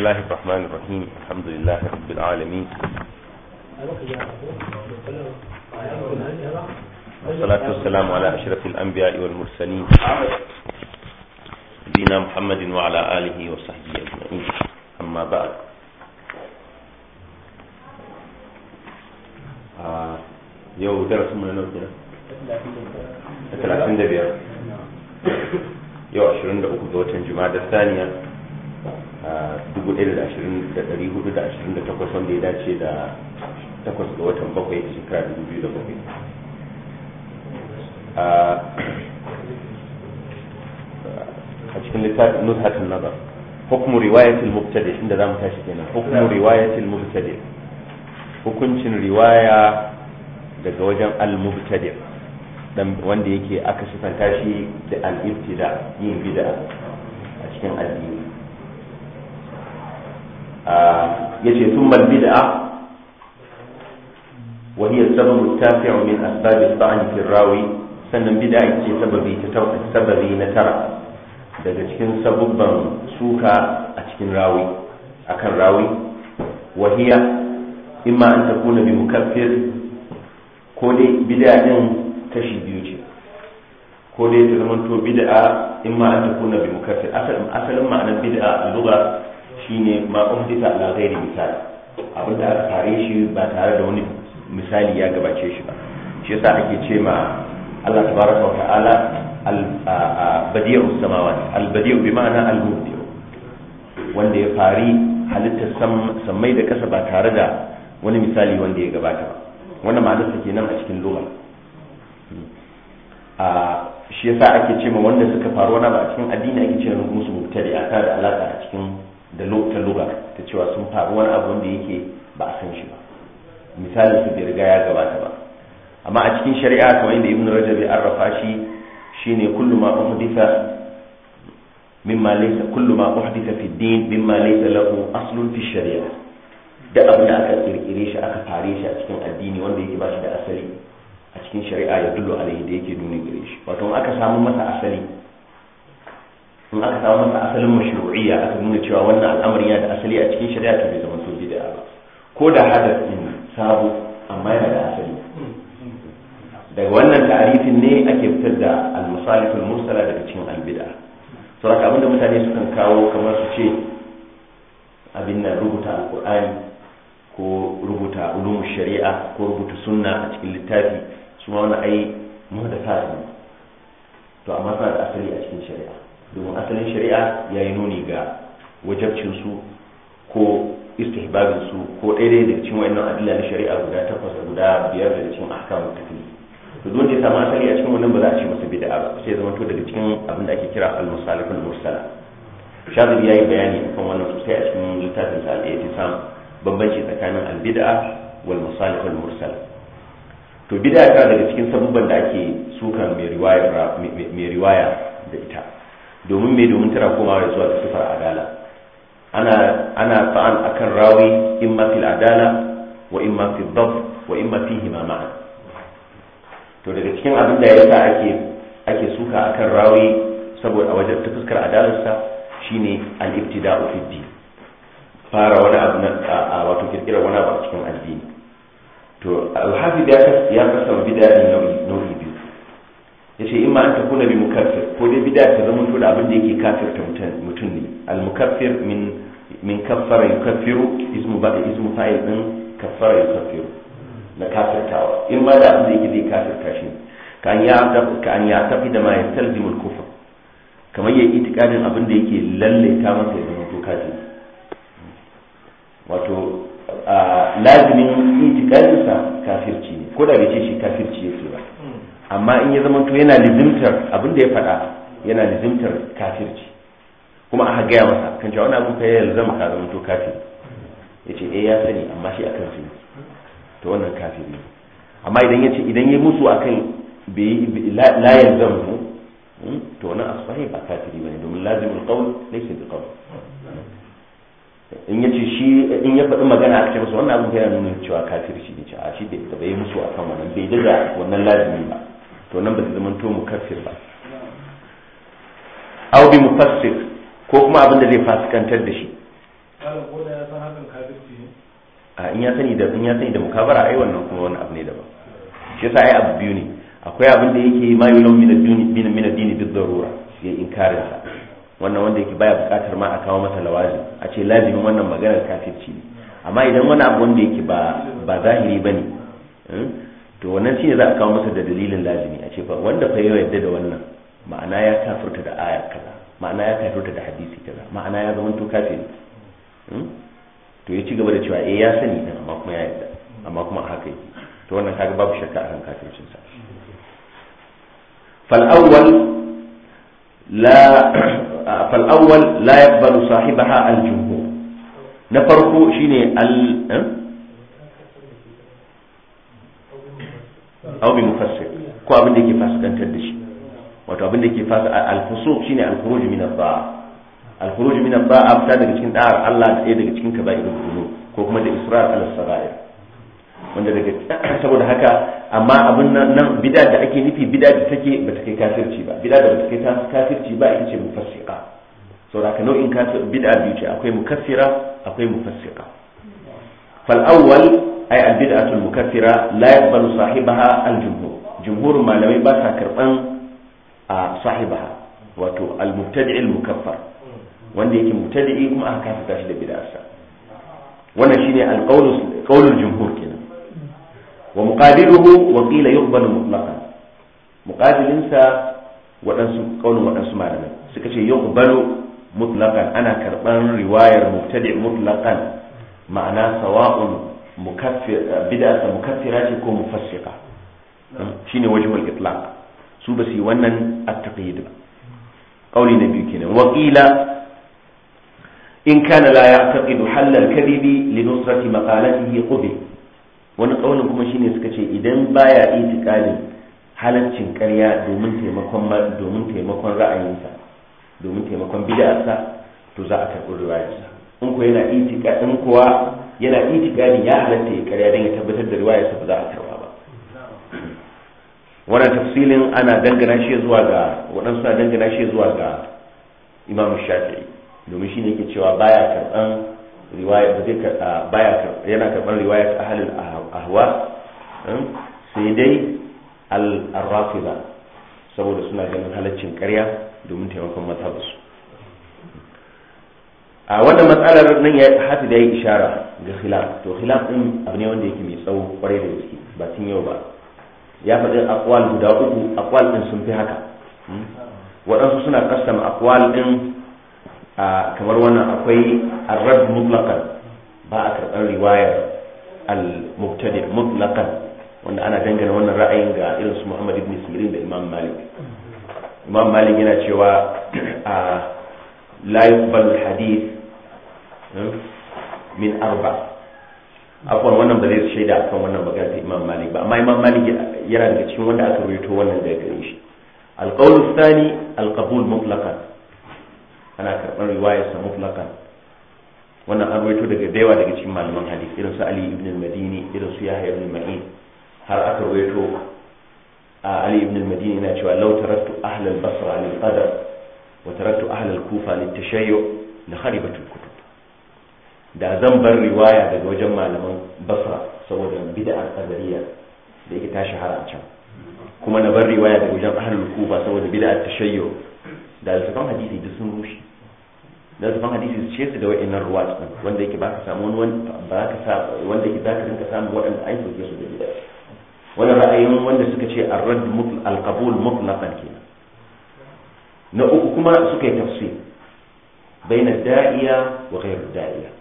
الله الرحمن الرحيم الحمد لله رب العالمين والصلاة والسلام على أشرف الأنبياء والمرسلين نبينا محمد وعلى آله وصحبه أجمعين أما بعد يو درس من نوتنا دبيا يو عشرين دبيا watan Juma'a da 1428 wanda ya dace da 8 ga watan 7 a shekara 2007 a cikin littafin nuzhatun nazar hukumu riwayatul mubtadi inda zamu tashi kenan hukumu riwayatul mubtadi hukuncin riwaya daga wajen al-mubtadi dan wanda yake aka shi fantashi da al-ibtida yin bid'a a cikin addini yace thumma bid'a وهي السبب التاسع من أسباب الطعن في الراوي sannan bid'a ce sababi ta sababi na tara daga cikin sabubban suka a cikin rawi akan rawi wahiya imma an takuna bi mukaffir ko dai bid'a din biyu ce ko dai ta to ma'anar bid'a a lugha shine ma umdita ala ghairi misali abinda aka tare shi ba tare da wani misali ya gabace shi ba shi yasa ake ce ma Allah tabaraka wa ta'ala al-badi'u samawati al-badi'u bi ma'ana al mubdi'u wanda ya fari halitta sammai da kasa ba tare da wani misali wanda ya gabata ba wannan ma'anarsa kenan a cikin lugha a shi yasa ake ce ma wanda suka faru wani ba a cikin addini ake ce musu mubtadi'a a da alaka a cikin da ta luga ta cewa sun faru wani abu wanda yake ba a san shi ba misali su bai riga ya gabata ba amma a cikin shari'a kamar inda ibn rajab ya arrafa shi shine kullu ma uhditha mimma laysa kullu ma uhditha fi din mimma laysa lahu aslun fi shari'a da abin da aka kirkire shi aka fare shi a cikin addini wanda yake ba shi da asali a cikin shari'a ya dullo alaihi da yake nuni gare shi wato aka samu masa asali in aka samu masa asalin mashru'iyya aka nuna cewa wannan al'amari yana da asali a cikin shari'a to bai zama to bid'a ba ko da hadas din sabo amma yana da asali daga wannan tarihin ne ake fitar da al musalifin al-mursala daga cikin al-bid'a to haka abinda mutane sukan kawo kamar su ce abin nan rubuta al al-qur'ani ko rubuta ulumul shari'a ko rubuta sunna a cikin littafi su ma wannan ai da ne to amma suna da asali a cikin shari'a domin asalin shari'a ya yi nuni ga wajabcinsu ko istihbabinsu ko daidai daga cikin wa'annan adilla na shari'a guda takwas da guda biyar daga cikin ahkamu taklif to don ya samu asali a cikin wannan ba za a ce masa bid'a ba sai zama to daga cikin abin da ake kira al-musalafin mursala ya yi bayani akan wannan sosai a cikin littafin sa al bambanci tsakanin al-bid'a wal musalafin mursala to bid'a ta daga cikin sabubban da ake sukan mai riwaya mai riwaya da ita domin mai domin tana komawa zuwa ga sifar adala ana fa’an a kan rawi in mafi adala wa in mafi dab wa in mafi himama to daga cikin abin da yasa ake ake suka akan rawi saboda a wajen ta fuskar adalarsa shine al-ibtida'u fi fara wani abu na a wato kirkira wani abu a cikin addini to alhafi ya ya kasar bid'a nau'i yace in ma an tafuna bi mukaffir ko dai bid'a ta zama to da abin da yake kafirta mutum ne al mukaffir min min kaffara yukaffiru ismu ba ismu fa'il din kaffara yukaffiru na kafirtawa in ma da abin da yake kafir ta shi ka an ya ka an ya tafi da ma yastalzimu al kufr kamar ya itikadin abin da yake lalle ta masa ya zama to kafiri wato lazimin itikadinsa kafirci ne ko da bai ce shi kafirci yake ba amma in ya to yana lizimtar abin da ya faɗa yana lizimtar kafirci kuma aka gaya masa kan cewa wani abu ka yi zama ka to kafir ya ce eh ya sani amma shi akan su to wannan kafir ne amma idan ya ce idan ya musu kan la zama mu hmm, to wannan asfahi ba kafiri ne domin lazimul qawl laifin da qawl in ya ce shi in ya faɗi magana a cikin masa wannan abin yana nuna cewa kafirci ne cewa a shi da ya musu kan wannan bai daga wannan lazimi ba to nan ba ta zama to kafir ba aw bi mufassir ko kuma abin da zai fasikantar da shi a in ya sani da in ya sani da mukabara ai wannan kuma wani abu ne daban shi yasa ai abu biyu ne akwai abin da yake ma yulum min ad din min ad din bi darura ya inkarin sa wannan wanda yake baya bukatar ma a kawo masa lawazi a ce lazimin wannan maganar kafirci ne amma idan wani abu wanda yake ba ba zahiri bane eh, to wannan shine za a kawo masa da dalilin lazimi a ce ba wanda fa ya yarda da wannan ma'ana ya kafirta da aya kaza ma'ana ya kafirta da hadisi kaza ma'ana ya zama to kafiri hmm? to ya ci gaba da cewa eh ya sani din amma kuma ya yarda amma kuma haka yake to wannan kaga babu shakka akan kafircin sa fal awwal la fal awwal la yaqbalu sahibaha al jumhur na farko shine al eh? aw bi mufassir ko abin da yake fasikantar da shi wato abin da yake fasa al-fusuq shine al-khuruj min ad-da'a al-khuruj min ad fita daga cikin da'ar Allah da ɗaya daga cikin kaba'irul dhunub ko kuma da israr al-sagair wanda daga saboda haka amma abin nan bid'a da ake nufi bid'a da take ba ta kai kafirci ba bid'a da ba ta kai kafirci ba ita ce mufassiqa saboda haka nau'in kafir bid'a biyu ce akwai mukaffira akwai mufassiqa fal awwal ai albid'atul mukaffira la yaqbalu sahibaha aljumhur jumhurin malamai ba sa karban a sahibaha wato al almubtadi'il mukaffar wanda yake mubtadi'i kuma aka kafa shi da bid'arsa wannan shine alqawlu qawlul jumhur kenan wa muqabiluhu wa qila yuqbalu mutlaqan muqabilinsa waɗansu ƙaunin waɗansu malamai suka ce yau balo mutlaƙan ana karɓar riwayar mubtadi' mutlaƙan ma'ana sawa'un Eh, bid'arsa mukaffira ce ko mufassiqa shine wajibul itlaq su ba su yi wannan at-taqyid ba qauli na biyu kenan wa qila in kana la ya'taqidu hall al-kadhibi li nusrati maqalatihi qubi wani kaulin kuma shine suka ce idan baya itikadin halaccin ƙarya domin taimakon domin taimakon ra'ayinsa domin taimakon bid'arsa to za a karɓi riwayarsa in ko yana itika in kuwa yana itikadin ya halatta ya karya don ya tabbatar da riwayarsa ba za a karba ba wannan tafsilin ana dangana shi zuwa ga waɗansu na dangana shi zuwa ga imam shafi'i domin shi ne ke cewa baya karɓan riwaya baya yana karɓan riwaya ta ahalin ahwa hmm, sai dai al-rafida saboda suna ganin halaccin karya domin taimakon mazhabinsu a wannan matsalar nan ya hafi da ya yi ishara ga khilaf to khilaf din abu ne wanda yake mai tsawo kwarai da gaske ba tun yau ba ya faɗi akwal guda uku akwal din sun fi haka hmm? waɗansu suna kastam akwal din kamar wannan akwai arrad mutlaqan ba a karɓar riwayar al-mubtadi mutlaqan wanda ana dangana wannan ra'ayin ga irin su Muhammad ibn Sirin da Imam Malik Imam Malik yana cewa a la yuqbal hadith Hmm? min arba akwai wannan ba zai shaida akan wannan magana ta imam malik ba amma imam malik yana daga cikin wanda aka rubuto wannan daga gare shi alqawl thani alqabul mutlaqan ana karɓar riwayar sa mutlaqan wannan an rubuto daga dayawa daga cikin malaman hadisi irin su ali ibn al-madini irin su yahya ibn ma'in har aka rubuto ali ibn al-madini yana cewa law tarattu ahla al-basra lil qadar wa tarattu ahla al-kufa lit tashayyu la kharibatul kutub da zan bar riwaya daga wajen malaman basra saboda bid'ar qadariya da yake tashi har a can kuma na bar riwaya daga wajen ahlul kufa saboda bid'ar tashayyu da alsafan hadisi duk sun rushe da alsafan hadisi su ce su da wa'annan ruwat din wanda yake baka samu wani ba ka sa wanda yake zaka rinka samu waɗanda ai suke su da bid'ar wani ra'ayin wanda suka ce ar-radd mutlaq al-qabul mutlaqan kenan na uku kuma suka yi tafsir baina da'iya wa ghairu da'iya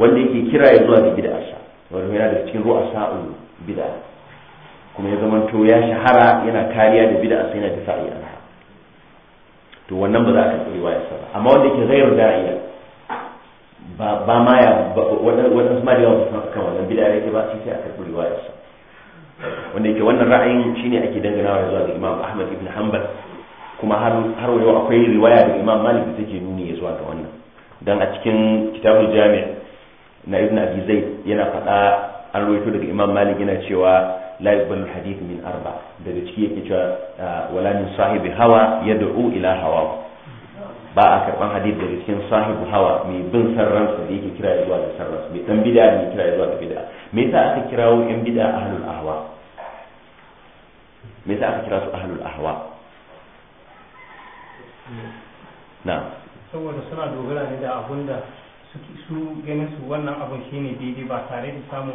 wanda yake kira ya zuwa ga bid'arsa wanda yana da cikin ruwa sa'un bid'a kuma ya to ya shahara yana kariya da bid'a sai yana sa'i anha to wannan ba za ka tsiri wa yasa ba amma wanda yake ghayr da iya ba ma ya wannan ma da yawa san kan wannan bid'a yake ba sai aka tsiri wa yasa wanda yake wannan ra'ayin shine ake danganawa zuwa ga Imam Ahmad ibn Hanbal kuma har har yau akwai riwaya da Imam Malik da take nuni ya zuwa ga wannan dan a cikin kitabul jami' na ibn abi zaid yana faɗa an rawaito daga imam malik yana cewa la yuqbalu hadith min arba daga ciki yake cewa ah, wala min sahibi hawa yad'u ila hawa ba a karban hadith daga cikin sahibi hawa mai bin sarran sa da yake kira zuwa da sarran mai dan bid'a mai kira zuwa da bid'a me yasa aka kirawo yan bid'a ahlul ahwa me yasa aka kira su ahlul ahwa na saboda suna dogara ne da abunda su ganin su wannan abun ne daidai ba tare da samun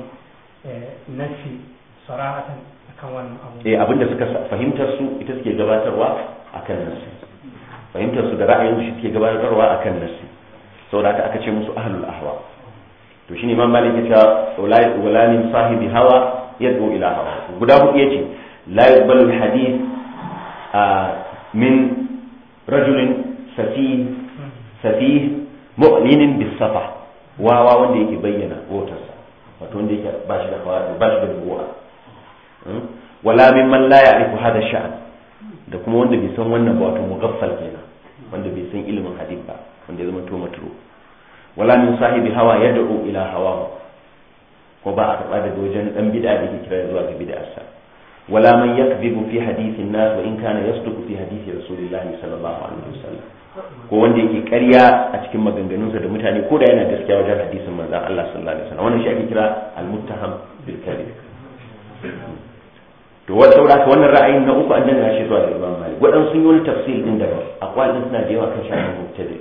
eh, nafi sarahatan kan wannan abu eh abinda suka fahimtar su ita suke gabatarwa akan nasi fahimtar su da ra'ayin su suke gabatarwa akan nasi saboda haka aka ce musu ahlul ahwa to shine imam malik ya ce wala min sahibi hawa yad'u ila hawa guda hudu yace la yuqbalu hadith ah, min rajulin safih hmm. safih mu'minin bisafa wawa wanda yake bayyana wautarsa wato wanda yake bashi da ba bashi da ruwa hmm? wala man la ya'rifu hada sha'an da kuma wanda bai san wannan ba wato mugaffal kenan wanda bai san ilimin hadith ba wanda ya zama to maturo wala min sahibi hawa yad'u ila hawa ko ba a karba daga wajen dan bid'a da yake kira zuwa ga bid'arsa wala يكذب في fi الناس وان كان in في حديث fi الله صلى الله عليه وسلم ko wanda yake ƙarya a cikin maganganunsa da mutane ko da yana gaskiya wajen hadisin manzon Allah sallallahu alaihi wasallam wannan shi ake kira al-muttaham bil kadhib to da ka wannan ra'ayin na uku annabi ya shi zuwa da Imam Malik wadan sun yi wani tafsir din da aqwal din suna da yawa kan shafin mubtadi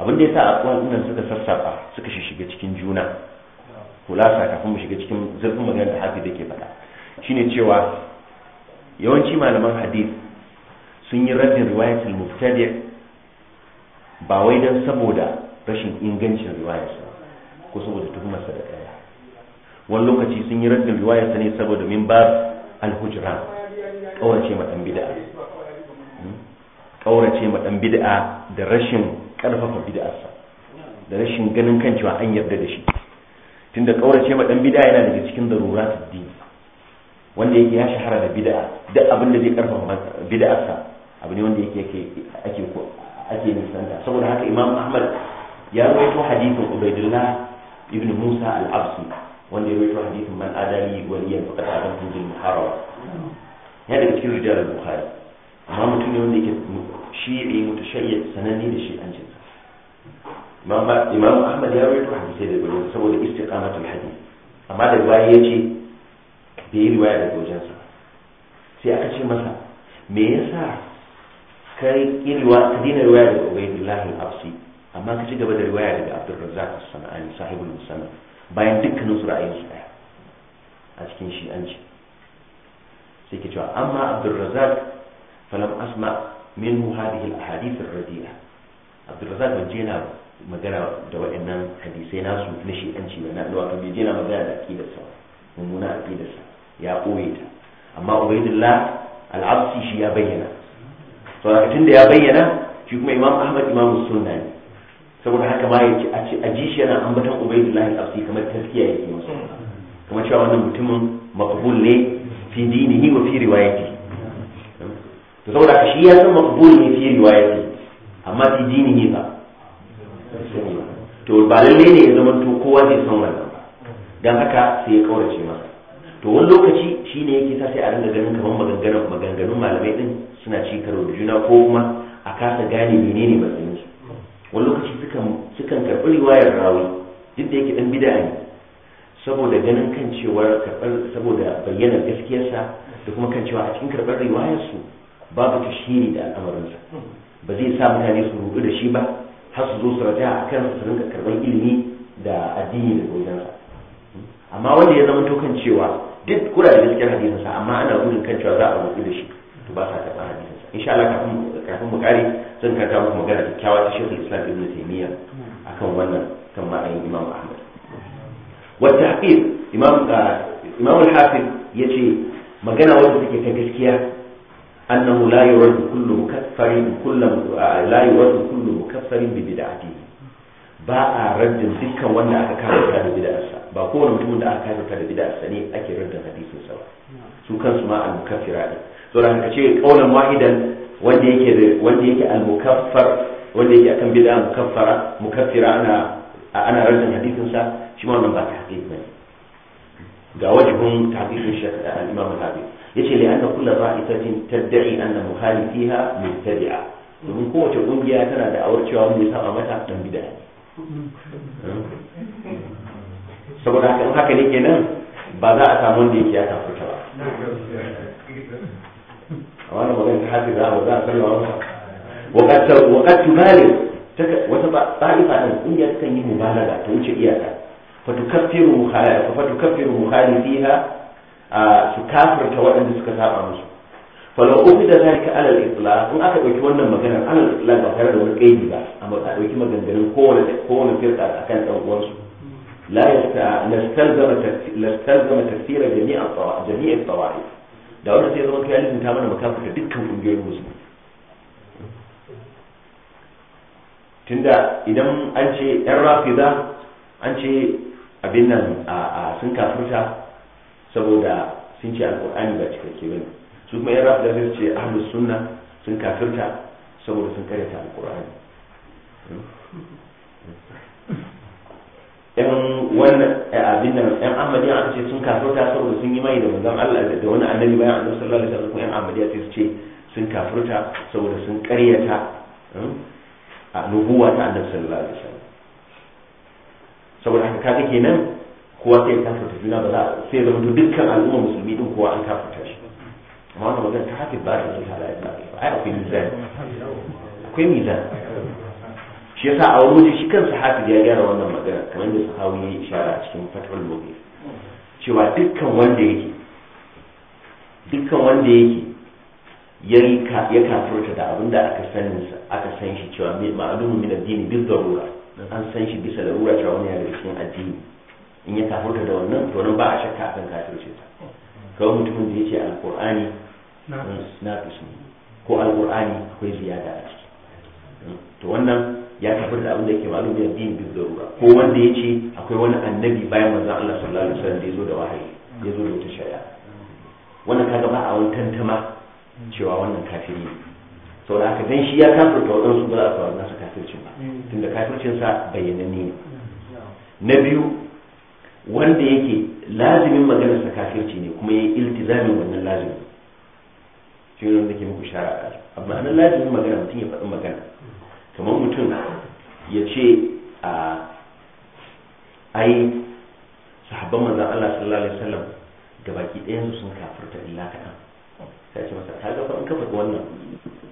abin da yasa aqwal din suka sassaba suka shishiga cikin juna kulasa kafin mu shiga cikin zurfin magana da hafi da ke faɗa shine cewa yawanci malaman hadith sun yi raddin riwayatul mubtadi ba wai dan saboda rashin ingancin riwayarsa ko saboda tuhumarsa da kaya wani lokaci sun yi raddin riwayarsa ne saboda min ba al-hujra kaurace ma dan bid'a kaurace hmm? ma dan bid'a da rashin karfafa bid'arsa da rashin ganin kan cewa an yarda da shi tunda kaurace ma dan bid'a yana daga cikin daruratul din wanda yake ya shahara da bid'a duk abin da zai karfafa bid'arsa abu ne wanda yake ake ake nisanta saboda haka imam ahmad ya rawaito hadithin ubaidullah ibn musa al-absi wanda ya rawaito hadithin man adali waliyan faqad tun bil muharaba ya daga cikin rijal bukhari amma mutum ne wanda yake shi'i mutashayyi sananni da shi an shi'ancin imam ahmad ya rawaito hadisai da gudu saboda istiqamatul hadith amma da baya yace da yi riwaya daga wajensa sai aka ce masa me yasa kai iriwa ka dina riwaya daga ubaydullah al-absi amma ka ci gaba da riwaya daga abdurrazzaq as-sanani sahibul musamman bayan dukkanin su ra'ayin su daya a cikin shi an ce sai ke cewa amma abdurrazzaq falam asma minhu hadhihi al-ahadith ar-radi'a abdurrazzaq ban je magana da waɗannan hadisai nasu na shi an ce na wato bai je magana da aƙidarsa mummuna aƙidarsa ya ɓoye ta amma ubaidullah al'absi shi ya bayyana tun da ya bayyana shi kuma imam ahmad imam sunna ne saboda haka ma ya ce a ji shi yana ambatan ubaidullah al'absi kamar taskiya yake masu kamar cewa wannan mutumin makabul ne fi dinihi wa fi riwayati to saboda haka shi ya san makabul ne fi riwayati amma fi dinihi ba to ba lalle ne ya zama to kowa zai san wannan ba dan haka sai ya kaurace masa to wani lokaci shi shine yake sa sai a dinga ganin kamar maganganun maganganun malamai din suna ci karo da juna ko kuma a kasa gane menene matsayin su wani lokaci sukan sukan karɓi riwayar rawi duk da yake dan bid'a ne saboda ganin kan cewar karɓar saboda bayyanar gaskiyarsa da kuma kan cewa a cikin karɓar riwayar su babu tashiri da al'amarinsa ba zai sa mutane su rudu da shi ba har su zo su raja a kan su rinka karɓar ilimi da addini da godansa amma wanda ya zama tokan cewa duk kula da gaskiyar hadisin sa amma ana gudun kan cewa za a rubuta da shi to ba sa karɓar hadisin sa insha Allah kafin kafin mu kare zan karanta muku magana da ta Sheikh Islam Ibn Taymiyyah akan wannan kan ra'ayin Imam Ahmad wa tahqiq Imam ah, Imam al-Hafiz yace magana wanda take ta gaskiya annahu la yurad kullu mukaffarin kullu ah, la yurad kullu mukaffarin bi bid'atihi ba a raddin dukkan wanda aka kama da bid'arsa ba kowane mutum da aka kafirta da bid'a sani ake rarda hadisin sa ba su kansu ma al-mukaffira ne so da ka ce kaulan wahidan wanda yake wanda yake al-mukaffar wanda yake akan bid'a mukaffara mukaffira ana ana rarda hadisin sa shi ma wannan ba ta hakiki bane ga wajibin tahqiqin shaykh al-imam al-habib yace li anna kullu ra'isatin tad'i anna muhalifiha mubtadi'a domin kowace kungiya tana da awar cewa wanda ya saba mata dan bid'a saboda haka in haka ne kenan ba za a samu wanda yake ya tafi ta ba a wannan magana ta hafi za a ba za a sallama masa waƙat tubalin wata ta'ifa ɗin ƙungiya ta kan yi mubalaga ta wuce iyaka kafiru muhali fiha su kafirta waɗanda suka saba musu falau uku da zalika alal isla in aka ɗauki wannan maganar alal isla ba tare da wani ƙaidi ba amma a ɗauki maganganun kowane kowane firka akan kan uwansu لا يست... لاستلزم تفسير لاستلزم تفسير جميع الطوائف جميع الطوائف da wannan sai zama kai lazim ta mana makafata dukkan kungiyoyin musulmi tunda idan an ce yan rafida an ce abin nan a sun kafurta saboda sun ce alkur'ani ba cikakke bane su kuma yan rafida sai su ce ahlus sunna sun kafurta saboda sun karyata alkur'ani yan wannan eh, abin da yan amadiya aka ce sun kafirta saboda sun yi mai da manzon Allah da wani annabi bayan annabi sallallahu alaihi wasallam yan amadiya sai su ce sun kafirta saboda sun karyata. Hmm, a nubuwa ta annabi sallallahu alaihi wasallam saboda haka kaga kenan kowa sai ya kafirta juna ba za sai zama dukkan al'umma musulmi din kowa an kafirta shi amma wannan magana ta hafi ba ta zuwa da ai akwai mizan akwai mizan shi yasa a wani waje shi kansa hafi ya gyara wannan magana kamar da sahawi ya yi ishara a cikin fatwal mubin cewa dukkan wanda yake dukkan wanda yake ya kafurta da abin da aka sani aka san shi cewa ma'alumu min addini bil darura an san shi bisa larura cewa wani yana da cikin addini in ya kafurta da wannan to nan ba a shakka akan kafirce ta kawai mutumin da yace alqur'ani na fisni ko alqur'ani akwai ziyada a ciki to wannan ya tabbatar da abin da yake malum ya din bi zarura ko wanda yace akwai wani annabi bayan manzon Allah sallallahu alaihi wasallam da yazo da wahayi yazo da wata shari'a wannan kaga ba a wani tantama cewa wannan kafiri ne saboda haka dan shi ya kafirta wadansu ba za a saurari nasa kafircin ba hmm. tunda kafircin sa bayyananne ne na biyu wanda yake lazimin maganarsa kafirci ne kuma ya yi iltizamin wannan lazimin shi ne wanda ke muku shara a amma anan lazimin magana mutum ya faɗi magana kamar mutum ya ce a ai sahabban manzan Allah sallallahu alaihi wasallam ga baki ɗayan sun kafirta illa kaɗan sai ce masa kaga ba in ka faɗi wannan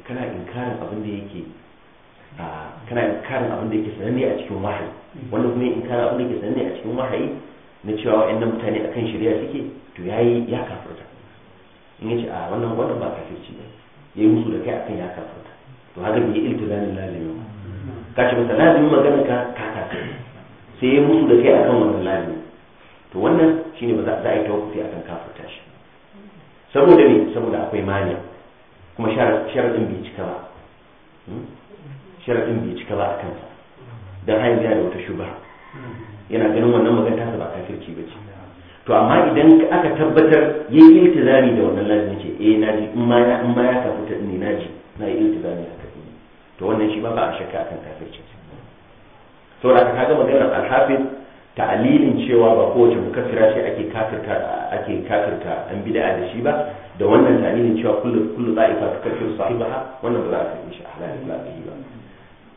kana inkarin abin da yake kana inkarin abin da yake sananne a cikin wahayi wannan kuma inkarin abin da yake sananne a cikin wahayi na cewa wa'annan mutane akan shari'a suke to yayi ya kafirta in yace a wannan wannan ba kafirci ba yayi musu da kai akan ya kafirta to haka bai iltizamin lazimi ba ka ce masa lazimi magana ka ka ta sai ya mutu da kai akan wannan lazimi to wannan shine ba za a yi tawakkufi akan kafirta tashi saboda ne saboda akwai mani kuma sharadin bai cika ba hmm? sharadin bai cika ba a kansa don hanyar yana da wata shuba yana ganin wannan magana ta ba kafirci ba ce to amma idan aka tabbatar ya yi iltizami da wannan lazimi ce eh naji in ma ya kafuta ne naji na yi iltizami to wannan shi ma ba a shakka akan kafircin saboda ka ga maganar alhafiz ta'alilin cewa ba kowace mukaffira ce ake kafirta ake kafirta an bid'a da shi ba da wannan ta'alilin cewa kullu kullu da'ifa tukaffiru sahibaha wannan ba za a yi shi halalin ba ba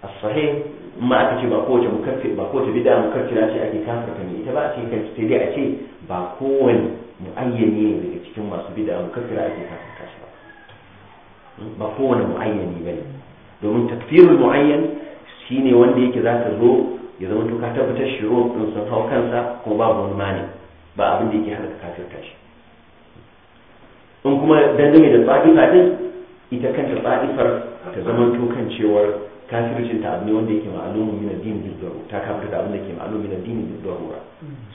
as-sahih ma aka ce ba kowace mukaffir ba kowace bid'a mukaffira ce ake kafirta ne ita ba a ce kan sai dai a ce ba kowane muayyani ne daga cikin masu bid'a mukaffira ake kafirta shi ba hmm, ba kowane muayyani ne. domin takfirul muayyan shine wanda yake za ka zo ya zama to ka tabbatar shiro din sun hau kansa ko babu wani mani ba abin da yake hana ka kafirta shi in kuma dangane da tsa'ifa din ita kanta tsadifar ta zama tukan kan cewar kafircin ta abu ne wanda yake ma'alumin min addini bil darura ta kafirta da abin da yake ma'alumin min addini bil darura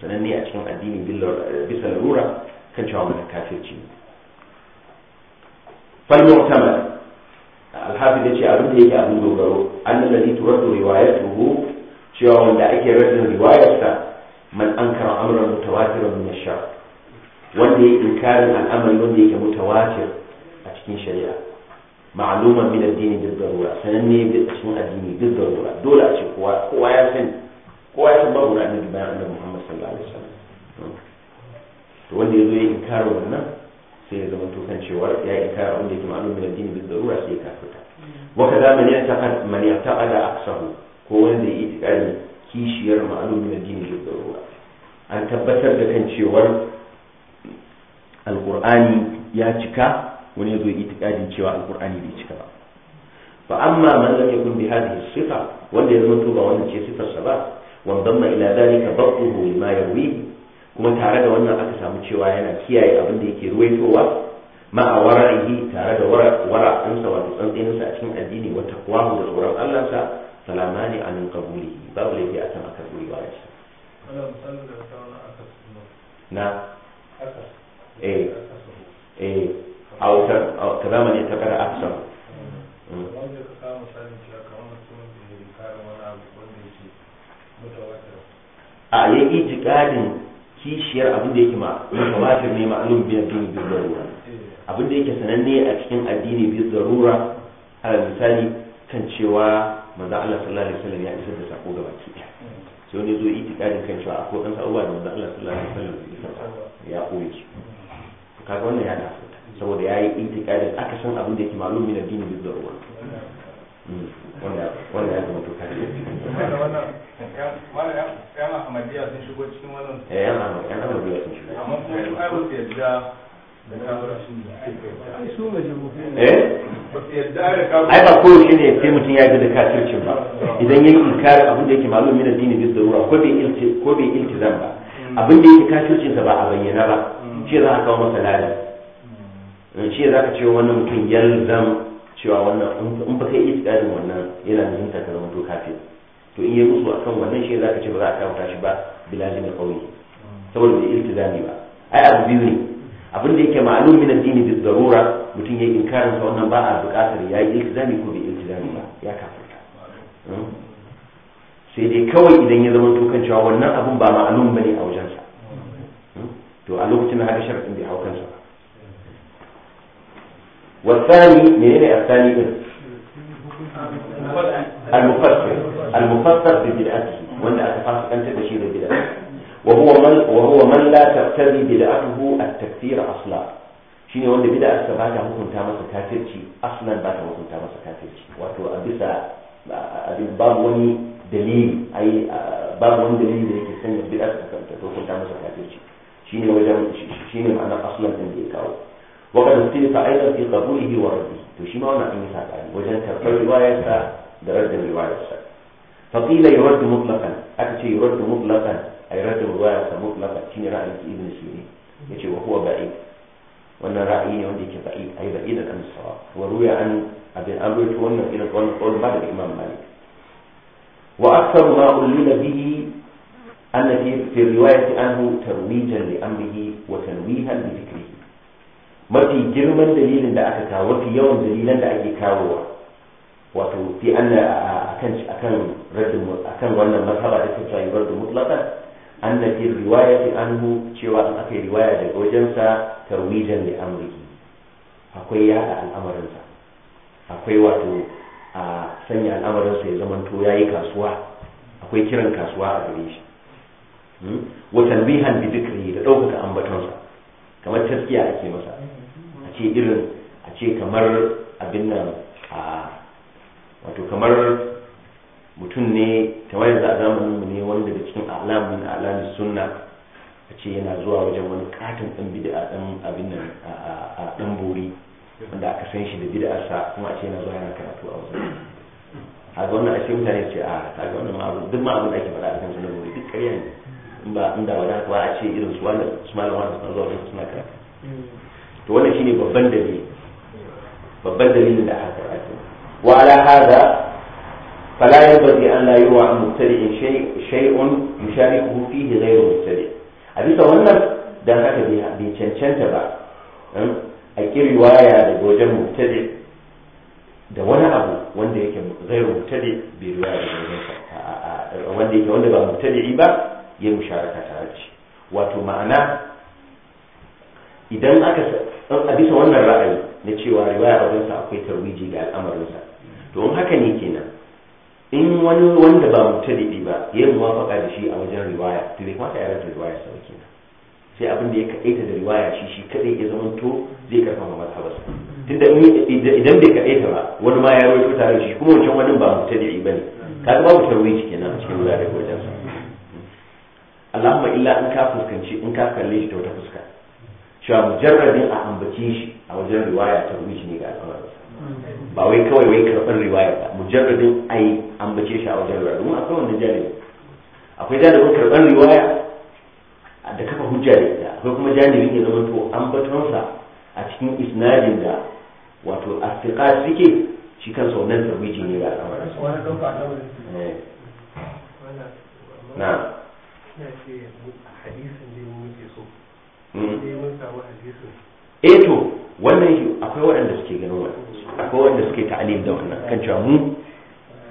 sanan ne a cikin addini eh, bisa larura kan cewa mana kafirci ne fal mu'tamad alhafi da ce abin da yake abin dogaro an da lalita wato riwayar tuhu cewa wanda ake rajin riwayarsa man an kara amuran mutawatirin min sha wanda ya inkarin al'amari wanda ya yake mutawatir a cikin shari'a ma'aluman min addini duk darura sananne a cikin addini duk darura dole a ce kowa ya sani kowa ya san babu na annabi bayan annabi muhammad sallallahu alaihi sallam. to wanda ya zo ya inkarin wannan sai ya zama tukan cewar ya yi kara wanda ya yake ma'alum min addini bi zarura sai ya ta wa kaza man yataqad man a aksahu ko wanda ya itikadi kishiyar ma'alum min addini bi zarura an tabbatar da kan cewar alqur'ani ya cika wani ya zo itikadin cewa alqur'ani bai cika ba fa amma man lam yakun bi hadhihi sifa wanda ya zama to ba wannan ce sifar sa ba wanda ma ila dhalika dabtuhu lima yarwihi kuma tare da wannan aka samu cewa yana kiyaye abin da yake ruwaitowa ma'a wara'ihi tare da wara ɗinsa wato tsantsinsa a cikin addini wata kwahu da tsoron Allah sa salama ne a min kabuli babu laifi a san aka zuri ba shi na eh eh a wutar ka zamani ta kada aksan hmm. a yi ijikadin kishiyar abin da yake ma mutawatir ne ma'alum biyar addini bi zarura abin da yake sananne a cikin addini bi zarura alal misali kan cewa manzo Allah sallallahu alaihi wasallam ya isa da sako ga baki ɗaya sai wani zo itikadin kan cewa akwai kan sa'uwa da manzo Allah sallallahu alaihi wasallam ya koyi su kaga wannan ya dafa saboda yayi itikadin aka san abin da yake ma'lum biyar addini da zarura wanda ai ba ko shi eh? ne sai mutum ya yi da kafircin ba idan ya inkari abin da yake malumi na dini bis darura ko bai ko bai iltizam ba hmm. abin da yake kafircin ba a bayyana ba hmm. shi za ka kawo masa ladan hmm. shi za ka ce wannan mutum yalzam cewa wannan in ba kai itikadin wannan yana nuna ka zama to kafin. to in yi musu akan wannan shi zaka ce ba za a kawo shi ba da qauli saboda bai iltizami ba ai abu biyu ne abin da yake ma'lum min addini bi darura mutum yake inkarin sa wannan ba a buƙatar ya yi iltizami ko bai iltizami ba ya kafirta hmm? sai dai kawai idan ya zama tukan cewa wannan abun ba ma'lum bane a wajensa hmm? to a lokacin haka sharadin bai hau kansa والثاني من اين الثاني ده المفسر المفسر ببدعته وان اتفق انت تشير ببدعته وهو من وهو من لا تقتدي بدعته التكثير اصلا شنو اللي بدا السبعه حكم تامه كافرتي اصلا بعد حكم تامه كافرتي وقت ابيسا ابي باب وني دليل اي باب وني دليل اللي كان بدا حكم تامه كافرتي شنو وجه شنو انا اصلا عندي كاو وقد اختلف أيضا في قبوله ورده تشيما وانا أن يساقان وجن ترفع رواية da raddin riwayarsa faƙila ya raddu mutlaƙan aka ce ya raddu mutlaƙan a yi raddin riwayarsa mutlaƙan shi ne ra'ayin su ibn sirri ya ce wa huwa ba'i wannan ra'ayi ne wanda yake ba'i a yi ba'i da ɗan sawa wa ruya an abin an rubuta wannan irin wannan ƙaunin ba daga imam malik wa aksaru ma ullila bihi anna fi riwayati anhu tarwijan li amrihi wa tanwihan bi dhikri mafi girman dalilin da aka kawo mafi yawan dalilan da ake kawowa wato fi an akan akan raddin akan wannan mazhaba da take cewa da mutlaka an da fi an anhu cewa an aka riwaya daga wajensa tarwijan an riki. akwai yada al'amarinsa akwai wato a sanya al'amarinsa ya zama to yayi kasuwa akwai kiran kasuwa a gare shi hmm? wa tanbihan bi da ɗaukaka ambatonsa kamar taskiya ake masa ce irin a ce kamar abin nan a wato kamar mutum ne kamar yanzu a zamanin mu ne wani daga cikin alamun alamun sunna a ce yana zuwa wajen wani katon ɗan bid'a ɗan abin nan a ɗan bori wanda aka san shi da bid'a sa kuma a ce yana zuwa yana karatu a wajen a ga wannan ashe mutane ce a ah, ta ga wannan ma'abu duk ma da ake faɗa a kan sunan bori duk ƙarya ne in ba inda wadata ba a ce irin su wani su malam suna zuwa wajen suna karatu hmm. to wannan shine babban dalili babban dalilin da aka karatu wa ala hada fala yabdi an la yuwa an mubtadi'in shay'un yusharikuhu fihi ghayru mubtadi' a bisa wannan dan haka bai cancanta ba um, a waya da wajen mubtadi' da wani abu wanda yake ghayru mubtadi' bai riwaya da wajen wanda yake wanda ba mubtadi'i ba ya musharaka tare da shi wato ma'ana idan aka a bisa wannan ra'ayi na cewa riwaya wajensa akwai tarwiji ga al'amarinsa to in haka ne kenan in wani wanda ba daɗi ba ya muwafaka da shi a wajen riwaya to bai kamata ya rasa riwaya sau kenan sai abin da ya kaɗaita da riwaya shi shi kadai ya zama to zai karfafa mazhabarsa tunda idan bai kaɗaita ba wani ma ya rawaito tare da shi kuma wancan wani ba ne ka kaga babu tarwiji kenan a cikin da wajen sa Allahumma illa in ka fuskanci in ka kalle shi ta wata fuska cewa mujarrabin a ambace shi a wajen riwaya ta rubuci ne ga al'amarin ba wai kawai wai karɓar riwaya ba a ai ambace shi a wajen riwaya domin akwai wannan janibin akwai janibin karɓar riwaya da kafa hujja da ita akwai kuma janibin ya zama to ambatonsa a cikin isnadin da wato astiqa suke shi kansa wannan tarwiji ne ga al'amarin eh. na na ce hadisin da muke so e to wannan akwai waɗanda suke ganin wannan akwai waɗanda suke ta'alim da wannan kan cewa mu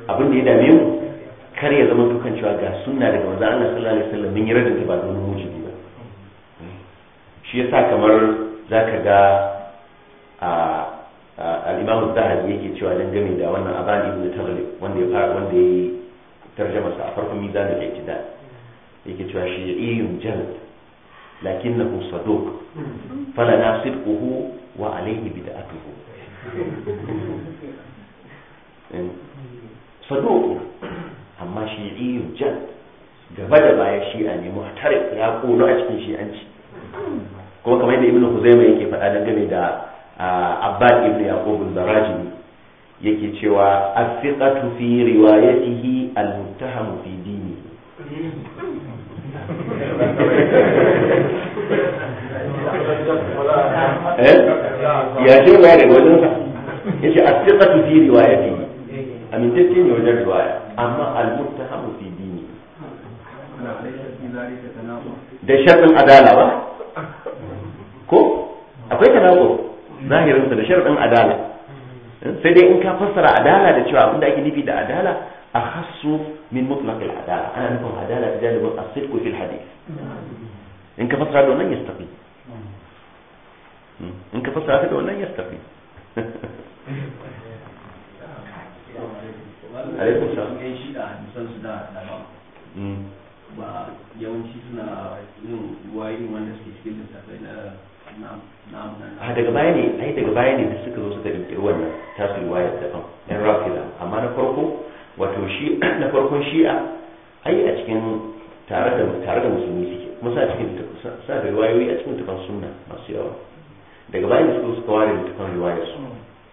abin da ya dame mu kar ya zama to kan cewa ga sunna daga manzon Allah sallallahu alaihi wasallam mun yi rajin ta ba don mujibi ba shi yasa kamar zaka ga a al-imam zahabi yake cewa game da wannan aban ibn taghlib wanda ya fara wanda ya tarjama sa a farkon mizan da ke da yake cewa shi iyun jald لكنه صدوق falana sidquhu وعليه بدعته صدوق saduq amma جد jad gaba da baya shi'a ne muhtarik ya kono a cikin shi'anci kuma kamar yadda ibnu huzaima yake faɗa dangane da abbad ibnu yaqub al-zarajini yake cewa afiqatu fi riwayatihi al fi Eh? ya ce ya daga wajensa ya ce a tsika su fi riwaya fi amintacce ne wajen riwaya amma almutta hamu fi dini da sharɗin adala ba ko akwai tanazo zahirinsa da sharɗin adala sai dai in ka fassara adala da cewa abinda ake nufi da adala a hasu min mutlaqil adala ana nufin adala ta jalibin asidku fil hadith in ka fassara don nan ya tafi. in ka fassara ta da wannan ya tafi alaikum shi da hadisan su da dama mm. ba yawanci suna yin wayi wanda suke cikin lissafai na a ah, daga baya ne ai daga baya ne da suka zo suka dinke wannan tasu riwaya daban yan rafida amma na farko wato shi na farkon shi'a ai a cikin tare da tare da musulmi suke kuma sa cikin sa da riwayoyi a cikin tafan sunna masu yawa daga bayan su suka ware tukan riwaya su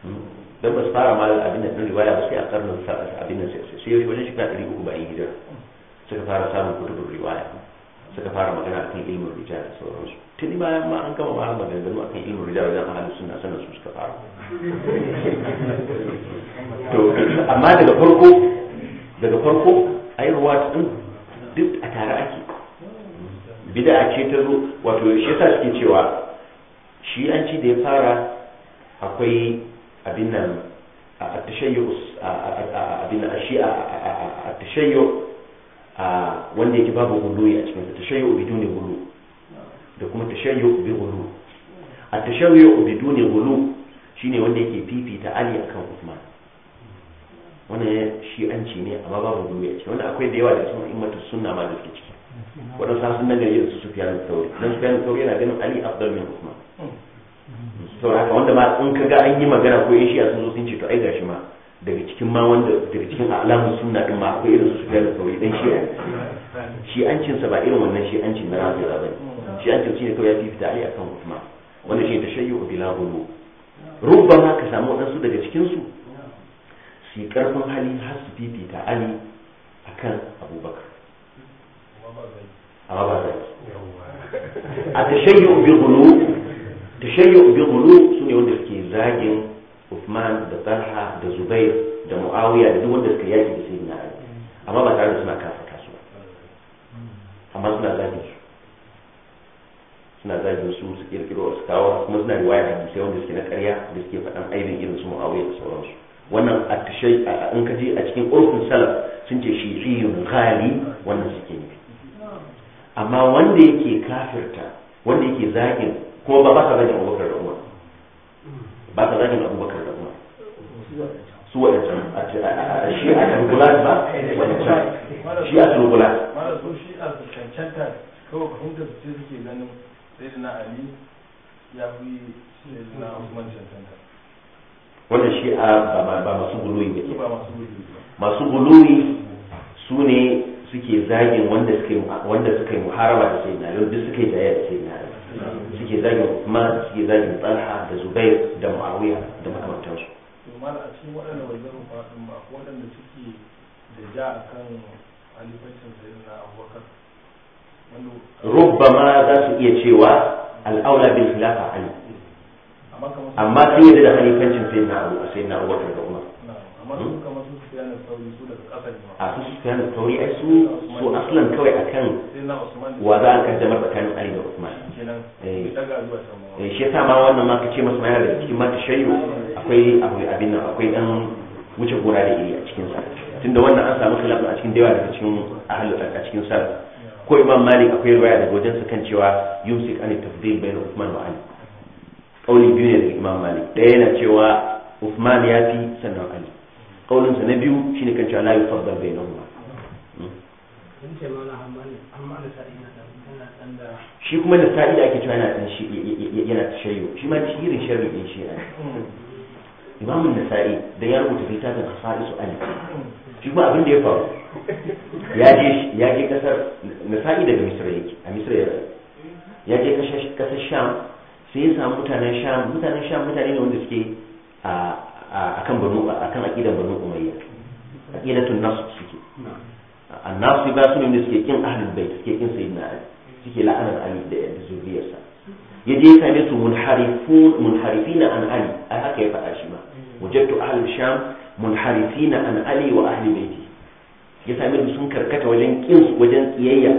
hmm. don ba su fara ma abin da ɗin riwaya ba sai a karnin abin da sai yau wajen shekara ɗari uku bayan gida hmm. suka fara samun kutubun riwaya suka fara magana a kan ilimin rija da sauransu tuni bayan ma an gama ma maganganu kan ilimin rija wajen ahalin suna sanar su suka fara to amma daga farko daga farko yi ruwa ɗin duk a tare ake bid'a ce ta zo wato shi yasa suke cewa shi an ci da ya fara akwai abin nan a tashayyo abin a shi a tashayyo wanda yake babu huluyi a cikin tashayyo ne hulu da kuma tashayyo bi hulu a tashayyo ne hulu shine wanda yake fifita ali akan usman wannan shi an ci ne amma babu huluyi a cikin wanda akwai da yawa da sun immatu sunna ma da suke ciki wadansu sun nan gari da su sufiyanu sauri dan da sauri yana ganin ali afdal min usman saboda haka wanda ma in ka ga an yi magana ko shi a sun zo sun ce to ai gashi ma daga cikin ma wanda daga cikin alamu sunna din ma akwai irin su da sauri dan shi shi an cin sa ba irin wannan shi an cin na rafi ba bane shi an cin ne kawai ya fifita ali akan Uthman wannan shi tashayyu bila hulu rubbama ka samu wadansu daga cikin su su karfin hali har su fifita ali akan Abubakar amma ba zai a tashayyu bi hulu tashayyu bi ghulu sune wanda suke zagin Uthman da Talha da Zubair da Muawiya da duk wanda suka yaki da na Ali amma ba tare da suna kafa kasu ba amma suna zagin su suna zagin su su kirkiro su kawo kuma suna riwaya sai wanda suke na ƙarya da suke faɗan aibin irin su Muawiya da sauransu wannan a tashai in ka je a cikin urfin salaf sun ce shi, yi ghali wannan suke ne amma wanda yake kafirta wanda yake zagin ko ba ba ka zagin abubakar da umar ba ka zagin abubakar da umar su wadancan a ce a shi a turbulat ba wadancan shi a turbulat mara su shi a cancanta kawai fahimtar su ce suke ganin sai da na ali ya fi sai da na usman cancanta wannan shi a ba masu guluwi ne ke masu guluwi su ne suke zagin wanda suka yi muharaba da sai na yau duk suka yi jayar da sai na yau suke zagin suke zagin Talha da Zubair da Muawiya da makamantansu a cikin waɗanda ba zan waɗanda suke da ja akan halifancin sayyidina Abubakar rubbama za su iya cewa al'aula bin khilafa ali eh, amma sai yadda da halifancin sayyidina Abubakar da Umar amma hmm? kamar su a su su yana sauri ai su su aslan kawai akan wa za a kaddamar tsakanin ali da usman eh. eh shi yasa ma wannan ma kace masa mayar da cikin mata shayyu akwai akwai abin nan akwai dan wuce gora da iri a cikin sa tunda wannan an samu khilafin a cikin dawa daga cikin ahlu a cikin sa ko imam malik akwai riwaya daga wajen sa kan cewa yumsik an tafdil bayna usman wa ali kauli biyu ne daga imam malik daya yana cewa usman ya fi sannan ali kaulin na biyu shi ne kan cewa bai nan ba shi kuma da sa'i da ake cewa yana ɗan shi yana shayyo shi ma shi irin sharri ɗin shi ne imamun sa'i da ya rubuta littafin hasaisu ali shi kuma abin da ya faru ya je ya je kasar daga misra yake a misra ya ya je kasar sham sai ya samu mutanen sham mutanen sham mutane ne wanda suke akan banu akan aqidan banu umayya aqidatun nas suke annasu ba su ne suke kin ahlul bait suke kin sayyidina ali suke la'anar ali da zuriyarsa yaje ya same su munharifun munharifina an ali a haka ya faɗa shi ma wajadtu ahlul sham munharifina an ali wa ahli baiti ya same su sun karkata wajen kin wajen kiyayya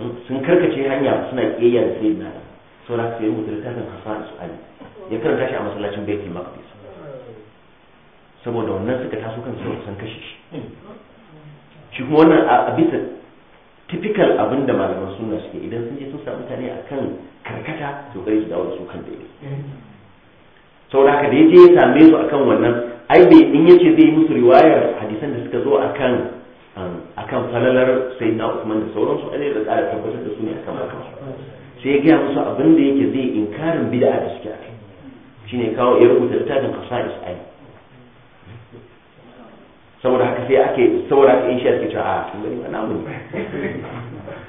hmm? sun karkace hanya suna kiyayya da sayyidina ali saboda sai mu da littafin hasan su ali ya karanta shi a masallacin baitul maqdis saboda wannan suka taso kan suka san kashe shi shi kuma wannan a bisa typical abin da malaman suna suke idan sun je sun samu mutane a kan karkata to gari su dawo da su kan daidai saboda haka da ya je ya same su akan wannan ai bai in yace zai yi musu riwayar hadisan da suka zo akan um, akan falalar sai na Usman da sauransu a da tsara tabbatar da su ne akan haka sai ya gaya musu abin da yake zai inkarin bid'a a da suke shi shine kawo ya rubuta littafin qasa'is ai saboda haka sai ake saboda haka in shi ake cewa a ah, sun gani ba namu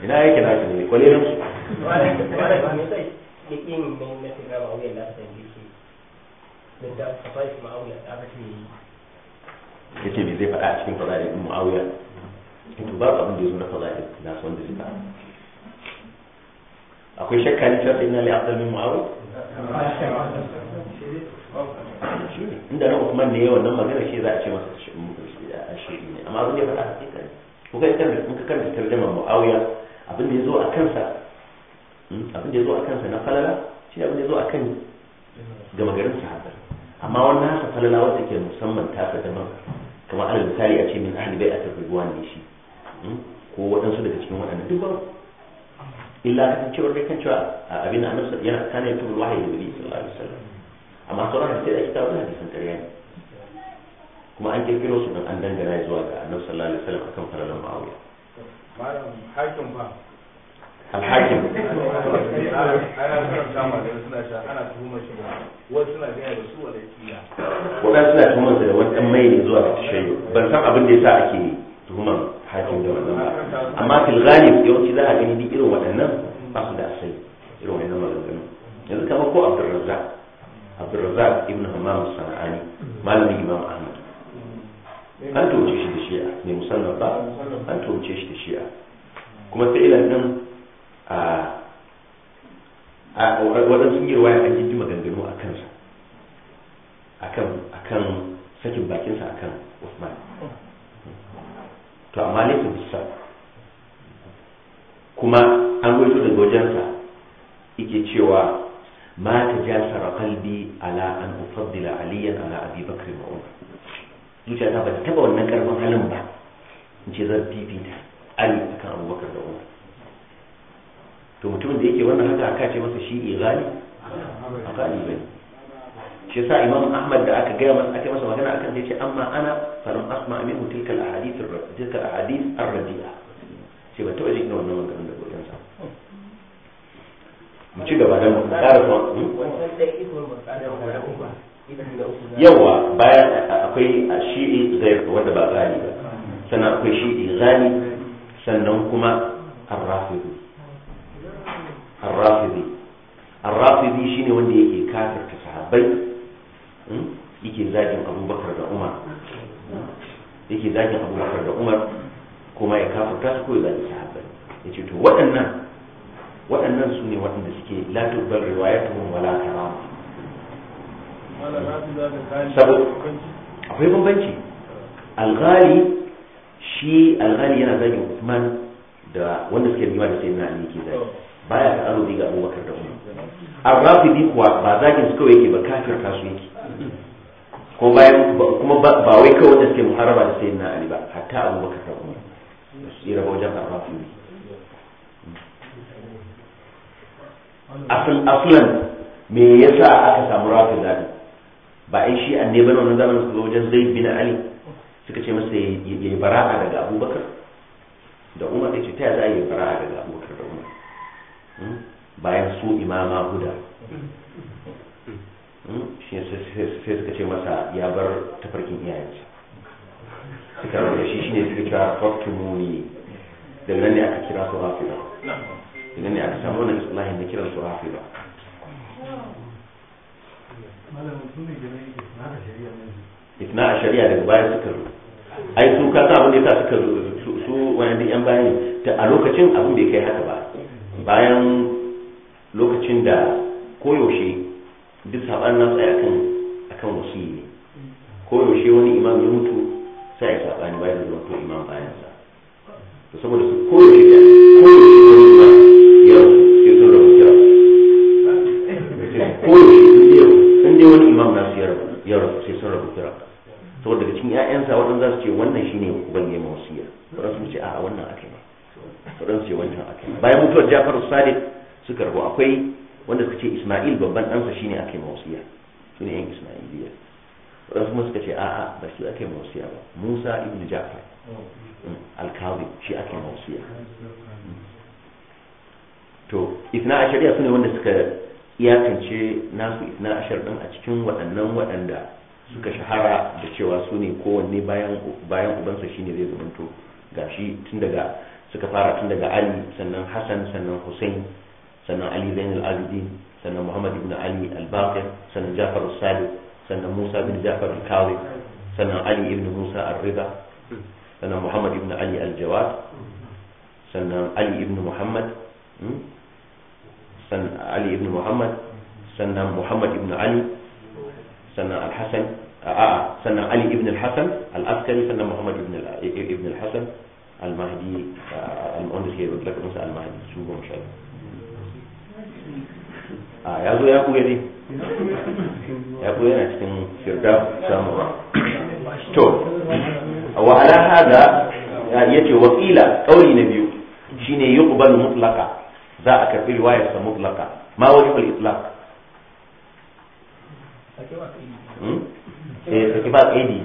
ina yake na shi kwale nan su ya ce me zai faɗa a cikin fadarin in mu'awiya to ba abin da ya zo na fadarin na su wanda zai akwai shakka ne cewa sai na li afdal min mu'awiya inda na Usman ne yawan nan magana shi za a ce masa amma abin da ya faɗa cikin ne ko kai kan in kan da tarjumar muawiya abin da ya zo a kansa abin da ya zo a kansa na falala shi abin da ya zo a kan gama garin sahabbai amma wannan nasa falala wanda ke musamman ta daban kamar alal misali a ce min ahli bai'a a tafiruwa ne shi ko waɗansu daga cikin waɗannan duk ba illa kasancewar kai kan cewa abin da annabi yana kana yin tumul wahayi da sallallahu alaihi wasallam amma sauran hadisi da ake kawo hadisan ƙarya ne kuma an kirkiro su don an dangana zuwa ga annabi sallallahu alaihi wasallam akan fararen ma'awiya malam hakim ba alhakim ana tuhumar shi wasu suna gaya da su suna tuhumar da wani dan mai ne zuwa ga tashayyu ban san abin da yasa ake tuhumar hakim da wannan ba amma fil ghalib yawanci za a gani duk irin waɗannan ba su da asali irin waɗannan maganganu yanzu kamar ko abdurrazzaq abdurrazzaq ibn hammam sana'ani malamin imam ahmad an toce shi da shi'a ne musamman ba an toce shi da shi'a kuma ila nan a waɗansu girwaya an jiddi maganganu a kansa akan sakin bakinsa akan Usman to amma laifin bisa kuma an gwaito da wajensa ike cewa ma ta jasara kalbi ala an ufaddila aliyan ala abi bakr wa umar zuciya ta bata taba wannan karfin halin ba in ce zan fifita ali kan abubakar da umar to mutumin da yake wannan haka aka ce masa shi gani a kali bai shi sa imam ahmad da aka gaya masa ake masa magana akan sai ce amma ana falam asma minhu tilka al tilka al-ahadith ar-rabi'a ce ba taba jin wannan maganar da godan sa mu ci gaba da mu ƙara hmm? kuma yawa bayan akwai shi'i zai wanda ba gani ba sannan akwai shi'i gani sannan kuma arrafidi arrafidi arrafidi shine wanda yake kafirta sahabbai hmm? yake zagin abubakar da umar yake zagin abubakar da umar kuma ya kafirta su ko ya zagi sahabbai ya ce to waɗannan waɗannan su ne waɗanda suke la tubbal riwayatuhum wala karamu akwai bambanci alghali shi alghali yana zagin usman da wanda suke nima da sai na ali ke zagi oh. baya ta arobi ga abubakar da umar arrafidi kuwa ba zagin su kawai yake ba kafir kasu su yake ko bayan kuma ba wai kawai wanda suke muharaba da sai na ali ba hatta abubakar da umar su yi raba wajen arrafidi aslan me yasa aka samu rafin zagin ba ai shi annabi bane wannan zamanin su zo wajen zaid bin ali suka ce masa ya yi bara'a daga abubakar da umar ya ce ta za a yi bara'a daga abubakar da umar hmm? bayan su imama guda. Hmm? shi sai suka ce masa ya bar tafarkin iyayensa suka rabu shi shine suka kira faktumuni daga nan ne aka kira su ba daga nan ne aka samu wannan islahin da kiran su ba itna a shari'a daga baya suka zo ai su ka sa ne ta suka zo su wani yan bayan ta a lokacin abin da ya kai haka ba bayan lokacin da koyaushe duk saban na ai akan akan yi ne koyaushe wani imam ya mutu sai ya sabani bayan da zuwa imam bayan sa saboda su koyaushe koyaushe wani ya rabu sai sun rabu kira to daga cikin ƴaƴansa waɗanda za su ce wannan shine ubangi mai wasiya wannan su ce a wannan ake yi waɗansu ce wannan aka yi bayan mutuwar Jafaru Sadiq suka rabu akwai wanda suka ce Ismail babban ɗansa shine aka mai wasiya shine yan Isma'iliya wannan kuma suka ce a'a ba shi aka mai wasiya ba Musa ibn Jafar mm, alkawi shi ake mai wasiya to ifna a shari'a sune wanda suka iyakance nasu na ashar din a cikin waɗannan waɗanda suka shahara da cewa su ne kowanne bayan bayan ubansa shine zai Ga gashi tun daga suka fara tun daga Ali sannan Hassan sannan Hussein sannan Ali Zain al-Abidin sannan Muhammad ibn Ali al-Baqir sannan Ja'far al-Sadiq sannan Musa bin Ja'far al sannan Ali ibn Musa al-Rida sannan Muhammad ibn Ali al-Jawad sannan Ali ibn Muhammad hmm? sannan ali ibn muhammad sannan muhammad ibn ali sannan al hassan a'a sannan ali ibn al-hasan al-askari sannan muhammad ibn al hassan al-mahdi uh, al-mu'annas ya rubuta kansa al-mahdi su goma sha a ya zo ya kuga dai ya kuga yana cikin firda samuwa to wa ala hada yace wa qila qawli na biyu shine yuqbalu mutlaqa za a karɓi riwayar sa mutlaka ma wani wajibul itlaq hmm? eh saki ba kaidi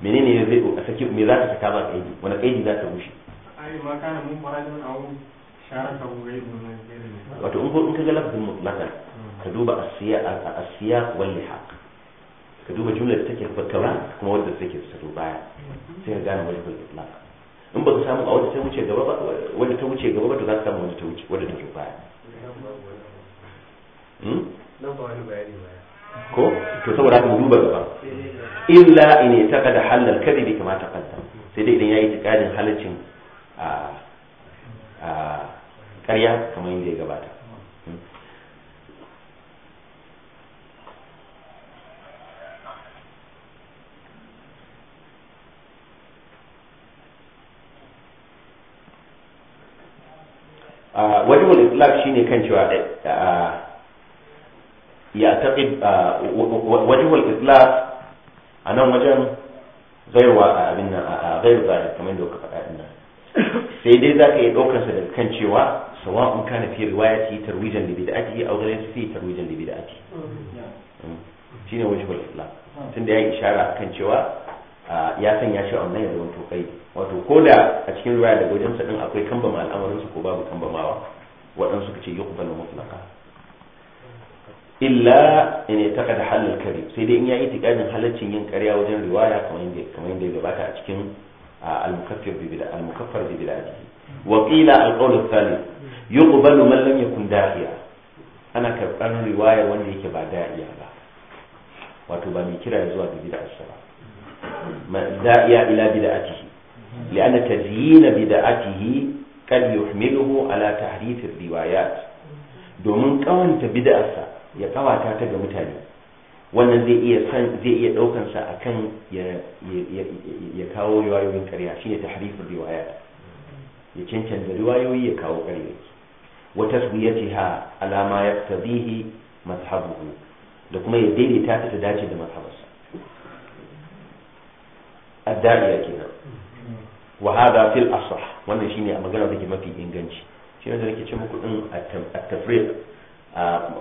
menene ya zai a saki me za ta saka ba kaidi wani kaidi za ta rushe ai ma kana mun fara farajin au sharaka wato in ka ga lafzin mutlaka ka duba asiyaq wal lihaq ka duba jumlar da take fakara kuma wadda take tsaro baya sai ka gane wani wajibul itlaq in ba ka samu a wadda ta wuce gaba ba wadda ta wuce gaba ba to za ka samu wadda ta wuce wadda ta zo baya hmm? ko to saboda ka duba gaba illa in kada halal kadhibi kama taqaddam sai dai idan yayi tikadin halaccin a ah, a ah, ƙarya kamar yadda ya gabata wajen wani itlaq shine kan cewa ya taqib wajen wani itlaq a nan wajen zaiwa a abin nan a gairu zahir kamar da ka faɗa din nan sai dai zaka iya daukar sa daga kan cewa sawa'un kana fi riwayati tarwijan li bid'ati aw ghayr fi tarwijan da bid'ati shine wajen wani tun tunda ya ishara kan cewa ya sanya shi wannan ya zama tokai wato ko da a cikin ruwaya daga wajen din akwai kambama al'amuransu ko babu kambamawa waɗansu ka ce yi kuɓa na mutlaka illa in ya taka da halin kare sai dai in ya yi tikajin halaccin yin karya wajen riwaya kamar yadda ya gabata a cikin almukaffar mukaffar bibida jiki wa qila al Salim al-thalith yuqbalu man dahiya ana karɓar riwaya wanda yake ba dahiya ba wato ba mai kira zuwa bibida a sara داعيا إلى بدعته لأن تزيين بدعته قد يحمله على تحريف الروايات domin kawanta bid'arsa ya kawata ta ga mutane wannan zai iya san zai iya daukan sa akan ya ya kawo riwayoyin ƙarya shine tahrifu riwaya ya cancanta riwayoyi ya kawo ƙarya wa tasbiyatiha ala ma yaqtadihi mazhabuhu da kuma ya daidaita ta dace da madhhabarsa addariya kenan wa hada fil asah wannan shine a magana da ke mafi inganci shi ne da nake ce muku din at-tafriq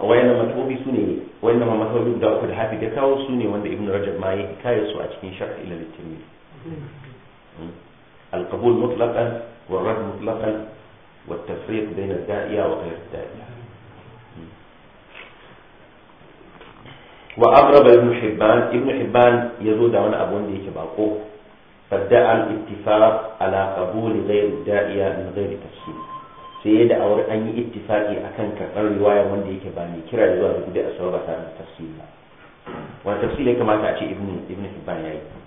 wayannan matubi sune wayannan matubi da ku da hafi da kawo sune wanda ibnu rajab ma yake kai su a cikin sharh ila litimi hmm. al-qabul mutlaqan wa rad mutlaqan wa tafriq bayna ad-da'iya wa ghayr ad-da'iya hmm. wa aqrab al muhibban ibnu hibban yazo da wani abu wanda yake bako فادعى الاتفاق على قبول غير الداعية من غير تفسير سيدا أور أي اتفاق أكن كرر رواية من دي كباني كرا رواية بدأ سوابة من تفسيرها والتفسير كما تأتي ابن ابن كباني أيضا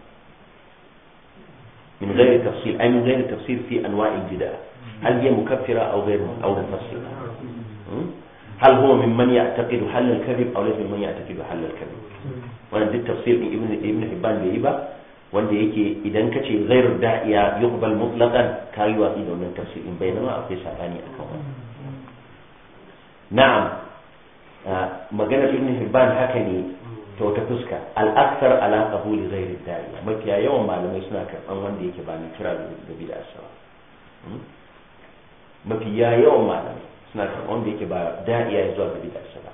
من غير تفسير أي من غير تفسير في أنواع الجداء هل هي مكفرة أو غير أو مفسرة هل هو ممن يعتقد حل الكذب أو ليس ممن يعتقد حل الكذب وأنا دي التفسير ابن ابن حبان بيبا wanda yake idan ka ce ghairu da'iya yuqbal mutlaqan ka yi watsi nan tafsir in bai zama akwai sabani a wannan na'am ah, maganar ibn hibban haka ne ta wata fuska al'aksar ala qabuli ghairi da'iya mafiya yawan malamai suna karban wanda yake ba ni kira da bid'a sawa hmm? mafiya yawan malamai suna karban wanda yake ba da'iya zuwa ga bid'a sawa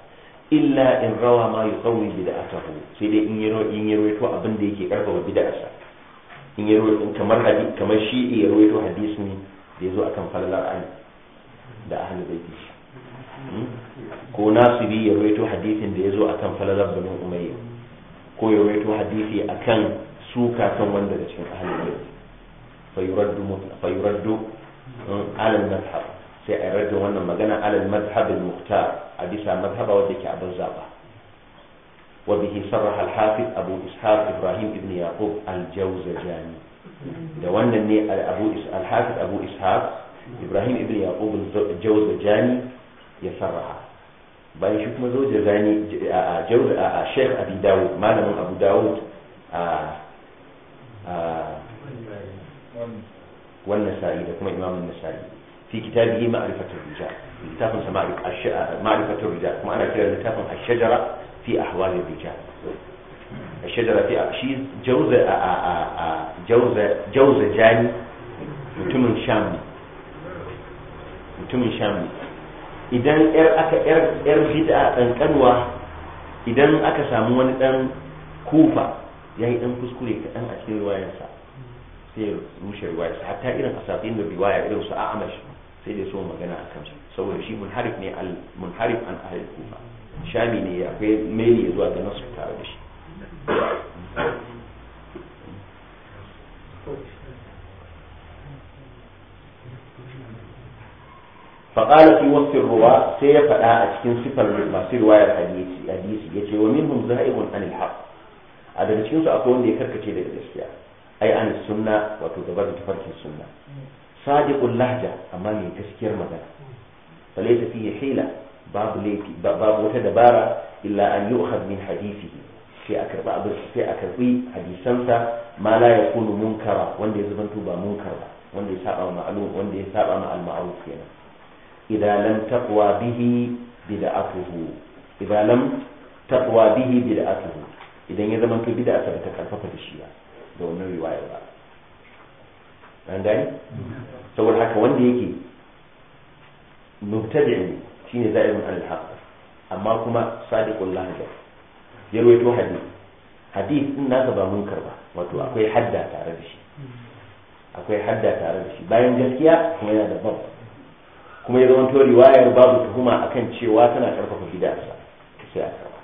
illa in rawa ma yuqawi bid'atahu sai dai in yaro in yaro to abin da yake karfafa bid'arsa in yaro kamar hadi kamar shi ya to hadisi ne da yazo akan falalar ali da ahli baiti hmm? ko nasibi ya rawaito hadisin da yazo akan falalar banu umayya ko ya rawaito hadisi akan suka kan wanda da cikin ahli baiti fa yuraddu fa yuraddu hmm, ala al-mazhab sai a rajin wannan magana alal mazhabin muhtar a bisa mazhaba wadda ke abin zaba wa bihi sarraha al-hafiz abu ishaq ibrahim ibn yaqub al-jawzajani da wannan ne al-abu al-hafiz abu ishaq ibrahim ibn yaqub al-jawzajani ya sarraha bayan shi kuma Zani? a jawza a sheikh abi dawud malamin abu dawud a wannan sa'i da kuma imamun nasa'i في كتابه معرفة الرجال كتاب معرفة الرجال كما أنا كتاب كتاب الشجرة في أحوال الرجال الشجرة في أشيز جوزة جوزة جوزة جاني mutumin sham mutumin sham idan yar aka yar bid'a dan kanwa idan aka samu wani dan kufa yayi dan kuskure ka dan a cikin riwayarsa sai rushe riwayarsa hatta irin asafin da riwaya irin su a'amash sai da so magana a kansu saboda shi munharif ne al munharif an ahlul kufa shami ne akwai meli ya zuwa ga nasu tare da shi فقال sai ya fada a cikin صفا masu رواية hadisi hadisi yace wa minhum za'ibun anil haqq a daga cikin su akwai wanda ya karkace daga gaskiya ai an sunna wato gaba da tafarkin sunna Sadiqun lahja amma mai gaskiyar magana falaita fiye hila babu laifi babu wata dabara illa an yu'khadh min hadisihi sai a karba abin sai a karbi hadisansa ma la yakunu munkara wanda ya zubanto ba munkar ba wanda ya saba ma'lum wanda ya saba ma al-ma'ruf kenan idza lam taqwa bihi bid'atuhu idza lam taqwa bihi bid'atuhu idan ya zamanto bid'a ta karfafa da shi ba da wannan riwaya ba an gani saboda haka wanda yake mubtadi ne shine za'irun amma kuma sadiqul lahja ya to hadith hadith din nasa ba munkar ba wato akwai hadda tare da shi akwai hadda tare da shi bayan gaskiya kuma yana da bab kuma ya zama tori wayar babu tuhuma a kan cewa tana karfafa bid'arsa sai a karba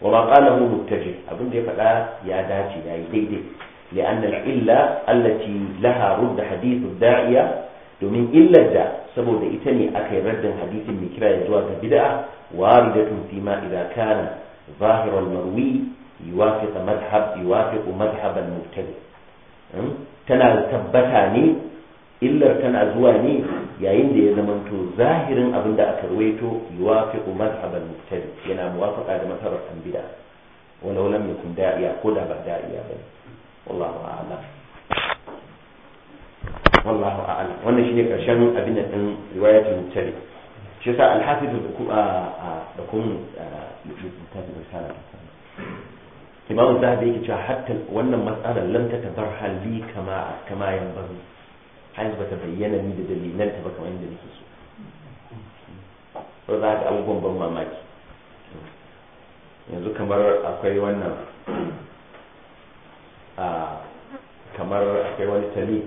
wa ma qalahu mubtaji abin da ya faɗa ya dace yayi daidai لأن العلة التي لها رد حديث الداعية domin illar da saboda ita ne aka yi hadisin mai kira ya zuwa ga bid'a warida tun fi ma idan kana zahirar marwi yuwafiqa madhhab yuwafiqu madhhab al tana tabbata ne illar tana zuwa ne yayin da ya zama to zahirin abin da aka ruwaito yuwafiqu madhhab al yana muwafaqa da madhhab al bid'a walau lam yakun da'iya ko da ba da'iya bane wallahu a'lam wallahu a'lam wannan shine karshen abin da din riwayatul mutali shi yasa al-hafiz da kuma littafin risala imam zahabi yake cewa hatta wannan matsalar lam tatabar hali kama kama yanbaghi har ba ta bayyana ni da dalilan ta ba kamar yadda nake so to za ka abubuwan ban mamaki yanzu kamar akwai wannan salim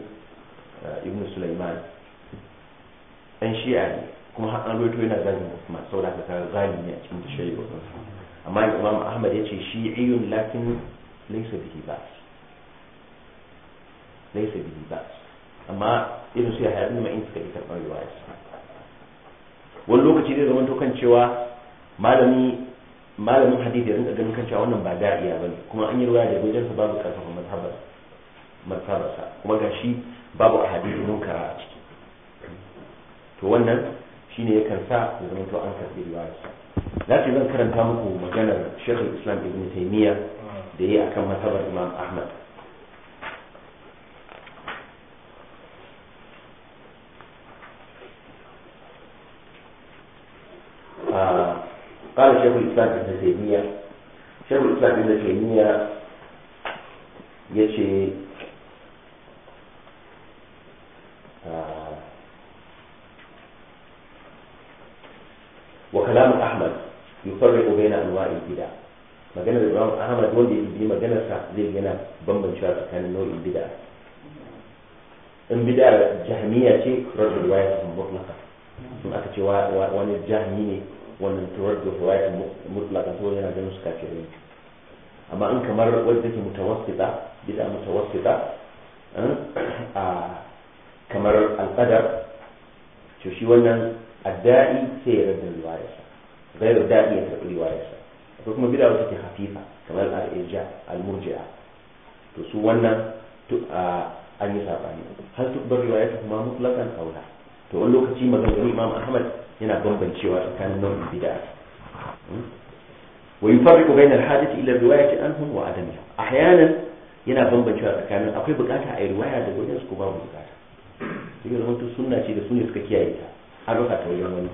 uh, ibn Sulaiman dan shi'a ne kuma har an rawaito yana zagin Usman saboda haka ta ne a cikin tashayyuh amma Imam Ahmad yace shi'iyyun lakin laysa bihi ba's laysa bihi ba's amma irin su ya haɗu ma in suka yi karɓar riwaya wani lokaci zai zama kan cewa malami malamin hadisi ya rinka ganin kan cewa wannan ba da'iya bane kuma an yi riwaya da wajen sa babu karfafa mazhabar martabarsa kuma ga shi babu a hadisi munkara a ciki to wannan shine yakan sa ya zama to an karbi riwayarsa na ce zan karanta muku maganar shekul islam ibn taimiyya da ya akan matabar imam ahmad قال شيخ الاسلام ابن تيميه شيخ الاسلام ابن تيميه يشي وكلام احمد يفرق بين انواع البدع maganar الامام احمد Ahmad wanda ya bi maganar sa zai yana bambancewa tsakanin البدع bid'a in bid'a رد ce مطلقه riwayatul mutlaqa in aka ce wani jahmi ne wannan radda riwayatul mutlaqa to yana ganin su kafirai amma in kamar take mutawassita bid'a mutawassita eh, a kamar alƙadar to shi wannan adda'i sai ya rabu riwaya sa riwayarsa gairu da'i ya karɓi sa ko kuma bid'a wata ke hafifa kamar al-irja al-murji'a to su wannan to a an yi sabani har bar riwaya ta kuma mutlaqan aula to wannan lokaci maganar imam ahmad yana bambancewa tsakanin nau'in bid'a wa yufarriqu bayna al-hadith ila riwayati anhum wa adamiha ahyanan yana bambancewa tsakanin akwai bukata a riwaya da wajen su ko babu bukata sai zama to sunna ce da su ne suka kiyaye ta an rasa ta wajen wani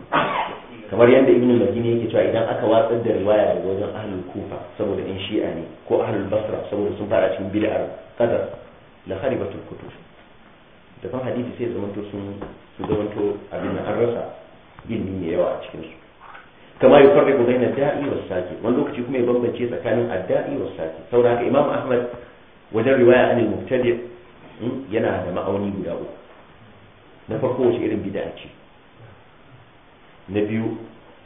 kamar yadda ibn madini yake cewa idan aka watsar da riwaya daga wajen ahlul kufa saboda in shi'a ne ko ahlul basra saboda sun fara cikin bid'ar qadar la kharibatul kutub da fa hadisi sai zama to sun su zama to abin da an rasa ilmi mai yawa a cikin su kama yufarriqu na da'i wasu saki wani lokaci kuma ya bambance tsakanin adda'i wasu saki saboda haka imam ahmad wajen riwaya anil mubtadi hmm, yana da ma'auni guda uku na farko wace irin bid'a ce na biyu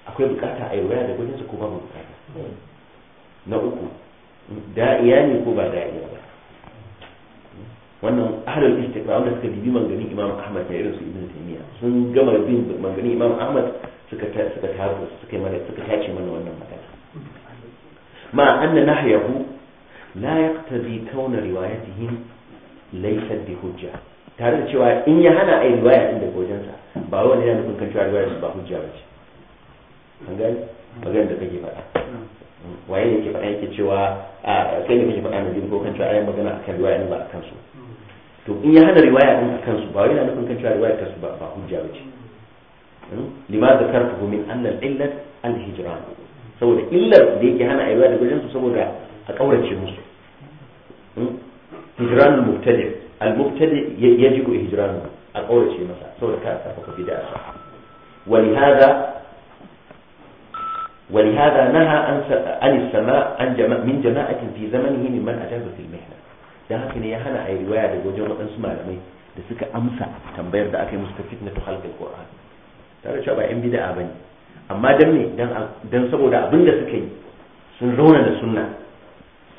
akwai bukata a yi waya da gudunsa ko babu bukata na uku da'iya ne ko ba da'iya ba wannan ahlul istiqra wanda suka bibi manganin imam ahmad da irin su ibn taymiya sun gama bin manganin imam ahmad suka suka tafi suka mana suka tace mana wannan magana ma anna nahyahu la yaqtadi kauna riwayatihim laysa bi hujja tare da cewa in ya hana a yi riwaya din da wajensa ba wa wani yana nufin kan cewa riwayar su ba hujja ba ce an gani maganar da kake faɗa waye ne ke faɗa yake cewa a kai ne kake faɗa na biyu ko kan cewa ayan magana akan riwaya din ba a kansu? to in ya hana riwaya din a kansu, ba wai yana nufin kan cewa riwaya ta ba hujja ba ce hmm? lima zakartuhu min anna al-illat al-hijran saboda illar da yake hana ayyuka da gurin su saboda a kaurace musu hmm? hijran al-mubtadi المبتدئ يجب هجرانه القرشي مثلا صوره كان تفق في دائره ولهذا ولهذا نهى عن السماء عن جماعة من جماعة في زمنه ممن من في المهنة لكن يهنا أي رواية وجمع اسمه لم يسك أمسى تنبير ذاك مستفيد من خلق القرآن ترى شو بعدين بدأ أبني أما دمني دن دن سبوا لا سكين سنرونا السنة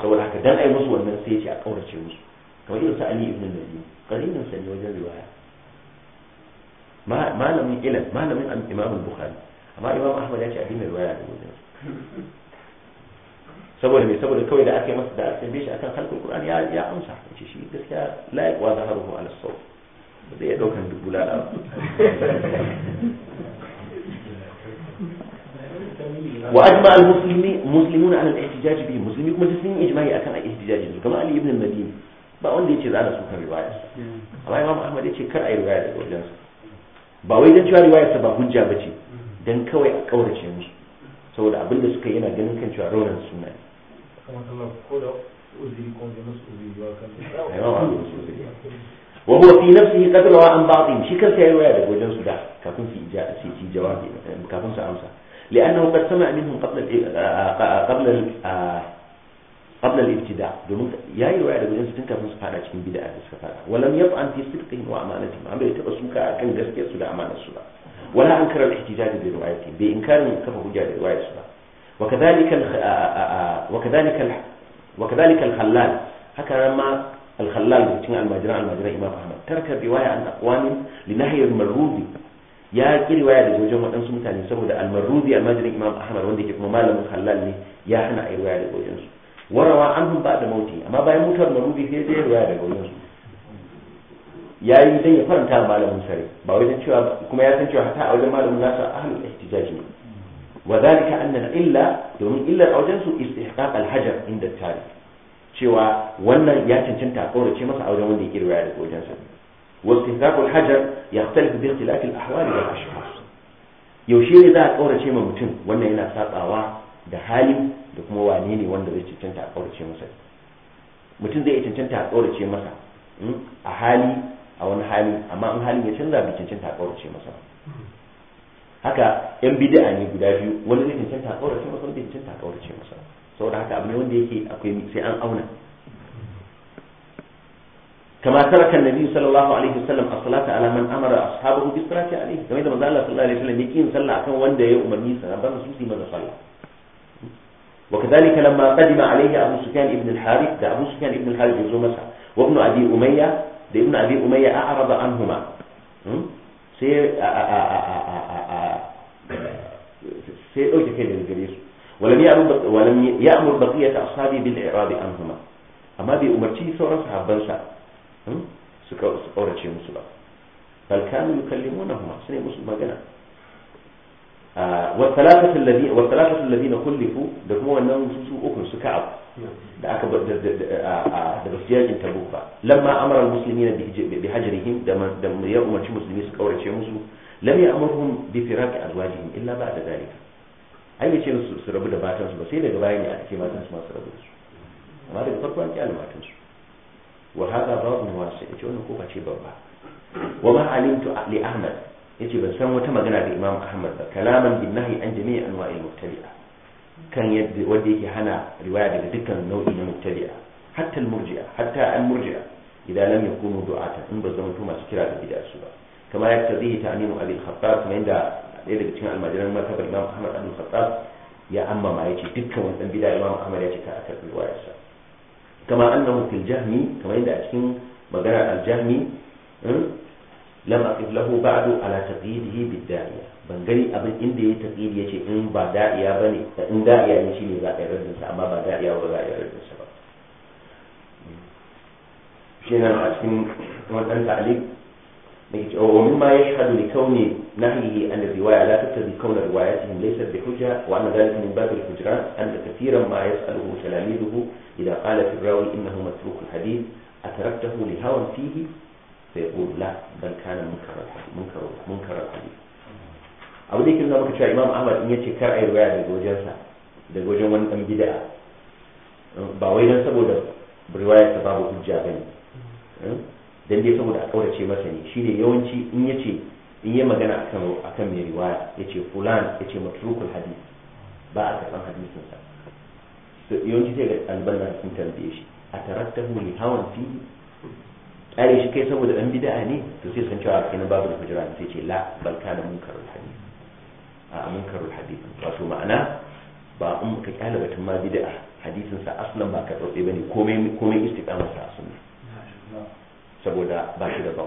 سوى لك دن أي مسؤول من سيجي أورشي مسؤول وإذا سألني ابن المدينة قليلا سنوجد رواية ما ما لم يقل ما لم يقل إمام البخاري أما إمام أحمد لا شيء من الولاد الموجودين سبوا لهم سبوا لكوي لا أكل مس دارس بيش أكل خلق القرآن يا يا أمسح شيء شيء بس لا يقوى ظهره على الصوت بدي أدو إيه كان دبولا لا وأجمع المسلمين مسلمون على الاحتجاج به مسلمين مسلمين إجماعي أكل الاحتجاج به كما قال ابن المدين ba wanda ce za a suka riwayar sa hmm. amma imam ahmad kar a yi riwaya daga wajen ba wai dan cewa riwayar sa ba hujja ba ce don kawai a kaurace mu saboda abin da suka yana ganin kan cewa raunin suna ne wa huwa fi nafsihi qad rawa an ba'dhum shi kansa ya riwaya daga wajen su da kafin su ija sai su jawabi kafin su amsa لأنه قد سمع منهم قبل قبل qabla al-ibtida domin yayi waya daga wajen su tun kafin su fada cikin bid'a da suka fada walam yat'an fi sidqihim wa amanatihim amma bai taba suka akan gaskiyar su da amanar su ba wala an karar ihtijaj bi riwayati bai inkarin kafa hujja da riwayar su ba وكذلك وكذلك وكذلك الخلال هكذا ما الخلال من المجرى المجرى إمام أحمد ترك رواية عن أقوام لنهي المرودي ya ki riwaya da wajen waɗansu mutane saboda almarudi almajirin imam ahmad wanda ke kuma malamin halal ne ya hana a riwaya da wajen su warawa an hun da mauti amma bayan mutuwar marudi sai zai ruwa daga wurin su ya yi dan ya faranta malamin sare ba wai dan cewa kuma ya san cewa hatta a wajen malamin nasa ahlul ihtijaj ne wa zalika anna illa domin illar a wajen su istihqaq al hajar inda tare. cewa wannan ya cancanta a kaurace masa a wajen wanda ya kirwa daga wajen sa wa istihqaq al hajar yaxtalifu bi ikhtilaf al ahwal wal ashkhas yaushe ne za a kaurace ma mutum wannan yana sabawa da halin da kuma wane ne wanda zai cancanta a kaurace masa mutum zai cancanta a kaurace masa hmm, a hali a wani hali amma in halin ya canza bai cancanta a kaurace masa haka yan bid'a ne guda biyu wani zai cancanta a kaurace masa wani zai cancanta a kaurace masa saboda haka abu ne wanda yake akwai sai an auna كما ترك النبي صلى الله عليه وسلم الصلاة على من أمر أصحابه بالصلاة عليه كما إذا مزال الله صلى الله عليه وسلم يكين صلى أكون وان دي sallah. صلى su yi maza sallah وكذلك لما قدم عليه أبو سكان ابن الحارث ده أبو سكان ابن الحارث بن مسح وابن أبي أمية ده ابن أبي أمية أعرض عنهما سيأوجه كده الجريس ولم يأمر ولم يأمر بقية أصحابه بالإعراض عنهما أما بي أمرتي ثورة عبنسا سكو أورتشي مسلم بل كانوا يكلمونهما سي مسلم ما قال والثلاثة الذين na kulle خلفوا da kuma wannan su uku su ka'ab da aka da basu yakin tabuk ba lamma amara almuslimina bi hajrihim da da ya umarci musulmi su kaurace musu lam ya'murhum bi firaqi azwajihim illa ba'da dalika ai yace musu su rabu da matan ba sai daga baya ne aka ce matan su ma su amma daga farko an kyale su ce kofa ce babba wa ma ahmad yace ban san wata magana da Imam Ahmad ba kalaman bin nahi an jami'i anwa'il mubtadi'a kan yadda wanda yake hana riwaya daga dukkan nau'i na mubtadi'a hatta al-murji'a hatta al-murji'a idan lam yakunu du'ata in ba zama kuma su kira da bid'a su ba kamar yadda zai ta'mimu abi al-khattab kuma inda ɗaya daga cikin almajiran matabar Imam Ahmad ibn Khattab ya amma ma yace dukkan wannan bid'a Imam Ahmad ya ce ka aka riwayarsa kama annahu fil jahmi kamar yadda a cikin magana al-jahmi hmm, لم أقف له بعد على تقييده بالدائية بل قلي أبن إن دي تقييد يشي إن با دائية بني إن دائية يشي لغاء يرد نسا أما با دائية وغاء يرد نسا شينا نعسين وأن تعليق نجد أو مما يشهد لكون نهيه أن الرواية لا تبتدي كون رواياتهم ليست بحجة وأن ذلك من باب الحجران أن كثيرا ما يسأله تلاميذه إذا قال في الراوي إنه متروك الحديث أتركته لهوى فيه sai ya ƙudu la mun kana munkarar hadis abu da yake nuna maka cewa imam ahmad in yace kar a yi ruwaya daga wajensa daga wajen wani dan bid'a ba wai dan saboda riwaya ta babu hujja bane hmm? dan dai saboda a kaurace masa ne shine yawanci in yace in yi magana akan akan mai riwaya yace fulan yace matrukul hadith ba a karban hadisin sa yawanci sai ga albanna sun tambaye shi a tarattahu li hawan fihi kare shi kai saboda dan bid'a ne to sai sun cewa kenan babu da hujra sai ce la bal kana munkar hadith a munkar hadith wato ma'ana ba in ka kyale batun ma bid'a hadisin sa aslan ba ka tsotse bane komai komai istiqama sa sunna saboda ba shi da ba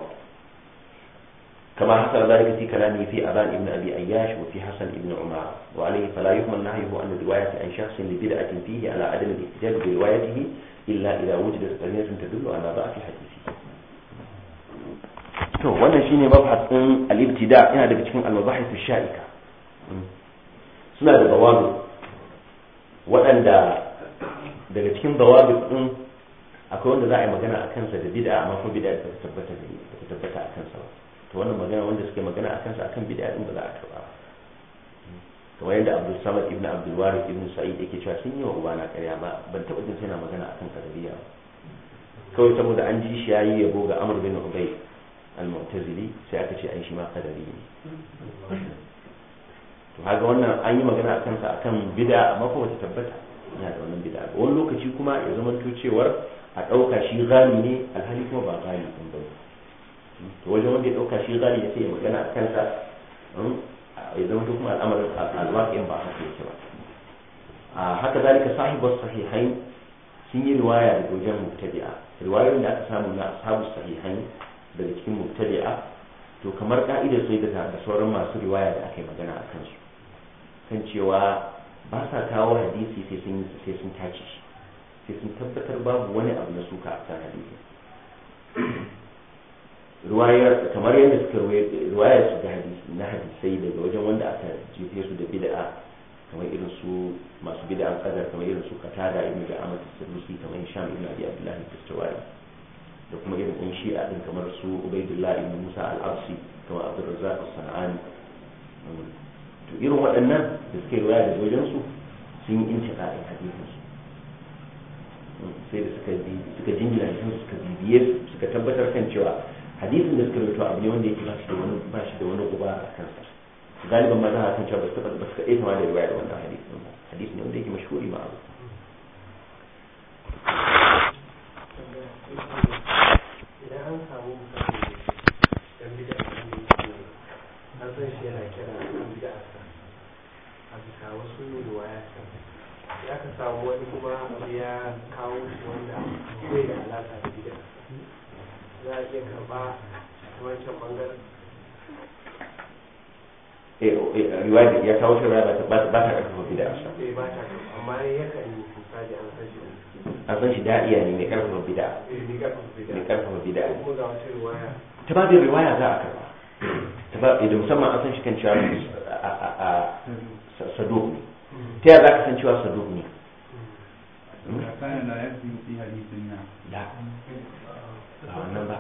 كما حصل ذلك في كلامه في أبان ابن أبي أياش وفي حسن ابن عمر وعليه فلا يهمل نهيه عن الرواية عن شخص لبدعة فيه على عدم الاحتجاج بروايته إلا إذا وجدت قرينة تدل على ضعف حديثه to wannan shine mabhasin al-ibtida yana daga cikin al-mabahith ash-sha'ika mm. suna da bawabi waɗanda daga cikin bawabi din akwai wanda za a yi magana a kansa da bid'a amma kuma bid'a ta tabbata ta tabbata a kansa ba to wannan magana wanda suke magana a kansa akan bid'a din ba za a karba ba mm. kamar yadda Abdul Samad ibn Abdul Warith ibn Sa'id yake cewa sun yi wa ubana ƙarya ba ban taɓa jin sai na magana akan kadariya ba kawai saboda an ji shi yayi yabo ga Amr bin Ubay al-mu'tazili sai aka ce ai shi ma qadari ne to haka wannan an yi magana a kansa akan bid'a amma ko ta tabbata Ina da wannan bid'a wani lokaci kuma ya zama to cewar a dauka shi gani ne alhali kuma ba gani din ba to wajen wanda ya dauka shi gani ya sai ya magana a kansa hmm, ya zama to kuma al'amarin alwaqi'in ba haka yake ba A haka zalika sahibu sahihain sun yi riwaya da gojen mubtadi'a riwayoyin da aka samu na ashabu sahihain daga cikin mubtadi'a to kamar ka'idar sai da sauran masu riwaya da aka yi magana a kansu kan cewa ba sa kawo hadisi sai sun sai sun tace shi sai sun tabbatar babu wani abu na suka a kan hadisi riwayar kamar yadda suka riwaya su da hadisi na hadisai daga wajen wanda aka jefe su da bid'a kamar irin su masu bid'a kadar kamar irin su katada ibn da amatu sirusi kamar sham ibn abi abdullahi tustawari da kuma irin ɗan shi'a ɗin kamar su ubaidullahi ibn musa al-absi kamar abdurrazzaq sana'ani to irin waɗannan da suke ruwaya da wajensu sun yi inci ƙa'in su sai da suka bi da jingina hadisin suka bibiye suka tabbatar kan cewa hadisin da suka rubuta abu ne wanda yake ba shi da wani ba shi da wani a kansa galiban ma za a kan cewa ba su taɓa ba su kaɗai kama da ruwaya da wannan hadisin ba hadisi ne wanda yake mashuri ma abu an samu mutane da misali dan bida a kan har san shi yana kira dan bida a kan a bisa wasu riwaya kan ya ka samu wani kuma ya kawo shi wanda zai da alaƙa da bida za a iya karba wancan bangaren eh, eh, riwaya ya kawo shi ba ta ba ta karfafa bida eh, amma yakan da an san shi an san shi da'iya ne mai karfafa bida'a. Eh, mai karfafa bida'a. ta ba da riwaya za a karba ta musamman an san shi kan cewa saduk ne mm. ta yaya za ka san cewa saduk ne mm. Mm. da wannan ba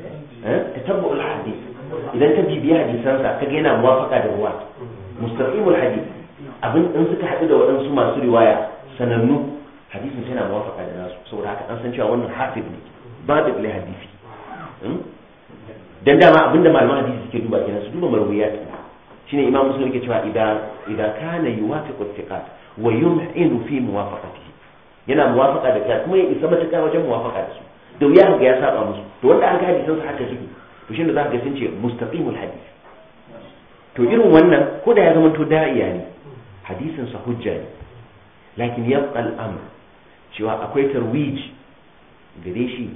eh? eh? tatabbu al-hadith idan ka bibiya hadisansa kaga yana muwafaqa da ruwa mustaqimul hadith abin in suka haɗu da waɗansu masu riwaya sanannu hadisin sai na mawafaka da nasu saboda haka an san cewa wannan hafiz ne ba da bilai hadisi hmm? dan dama abinda malaman hadisi suke duba kenan su duba marwiyat shine imam muslim yake cewa idan idan kana yuwafiqu thiqat wa yum'inu fi muwafaqatihi yana muwafaqa da ta kuma ya isa matuƙa wajen muwafaqa da su da wuya ga ya saba musu to wanda an ga hadisan su haka suke to shine za ka ga sun ce mustaqimul hadis to irin wannan ko da ya zama to da'iya ne hadisin sa hujja ne lakin yabqa al-amr cewa akwai tarwij gare shi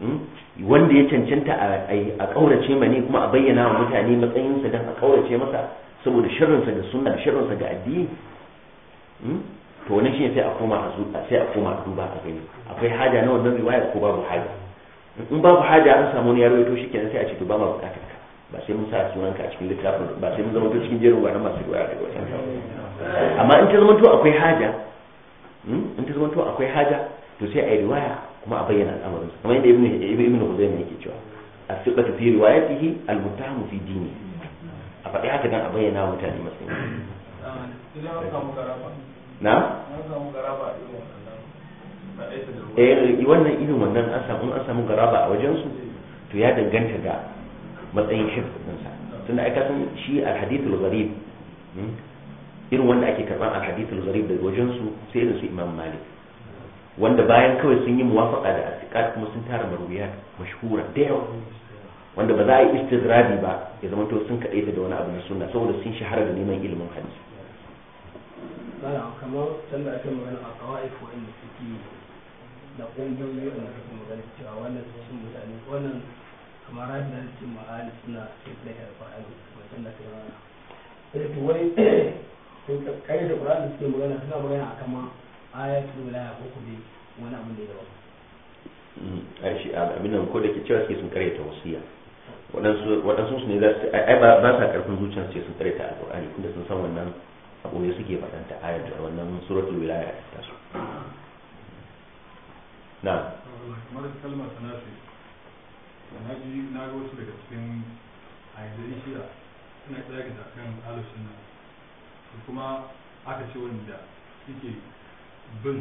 hmm? wanda ya cancanta a ƙaurace ma ne kuma a bayyana wa mutane matsayinsa don a ƙaurace masa saboda shirinsa da suna da shirinsa ga addini hmm? to wani shi sai a koma a sai a koma a duba a gani akwai haja na wannan ya ko babu haja in babu haja an samu ne ya rawaito shi kenan sai a ce to ba ma bukatar ka ba sai mun sa sunan ka a cikin littafin ba sai mun zama cikin jerin gwanan masu riwaya da wajen amma in ta zama to akwai haja Hmm? in ta zamanto akwai haja to sai a yi riwaya kuma a bayyana al'amarinsa kamar yadda ibnu huzaima yake cewa as-siqatu fi riwayatihi al-muttahamu fi dini a faɗi haka dan a bayyana mutane matsayin na eh wannan irin wannan an samu an samu garaba a wajen su to ya danganta da matsayin shirkin sa tunda ai kasan san shi al-hadithul gharib hmm? irin wanda ake karban a hadithul gharib daga wajen su sai irin su imam malik wanda bayan kawai sun yi muwafaqa da asiqat kuma sun tara marwiyat mashhura da yawa wanda ba za a yi istidradi ba ya zama to sun kaɗaita da wani abu na sunna saboda sun shahara da neman ilimin hadisi kamar can da ake magana a kawai wanda suke da ƙungiyoyi wanda suke magana cewa wannan sun mutane wannan kamar rafi da cikin ma'ali suna da yarfa a yanzu wacce da kai eh, wani sun kare da Qur'ani suke magana suna magana a kama ayatul wilaya ko kuma wani abin da ya zama mm, ai shi abin nan ko da ke cewa suke sun kare ta wasiya waɗansu su ne za su ai ba sa karfin zuciya sai sun kare ta alƙur'ani kuma sun san wannan abu ne suke faɗanta ayatul wannan suratul wilaya ta su na kamar kalmar sanasi na ji na ga wasu daga cikin a yanzu shi'a suna tsaya ga kan alushin nan kuma aka ce wanda suke bin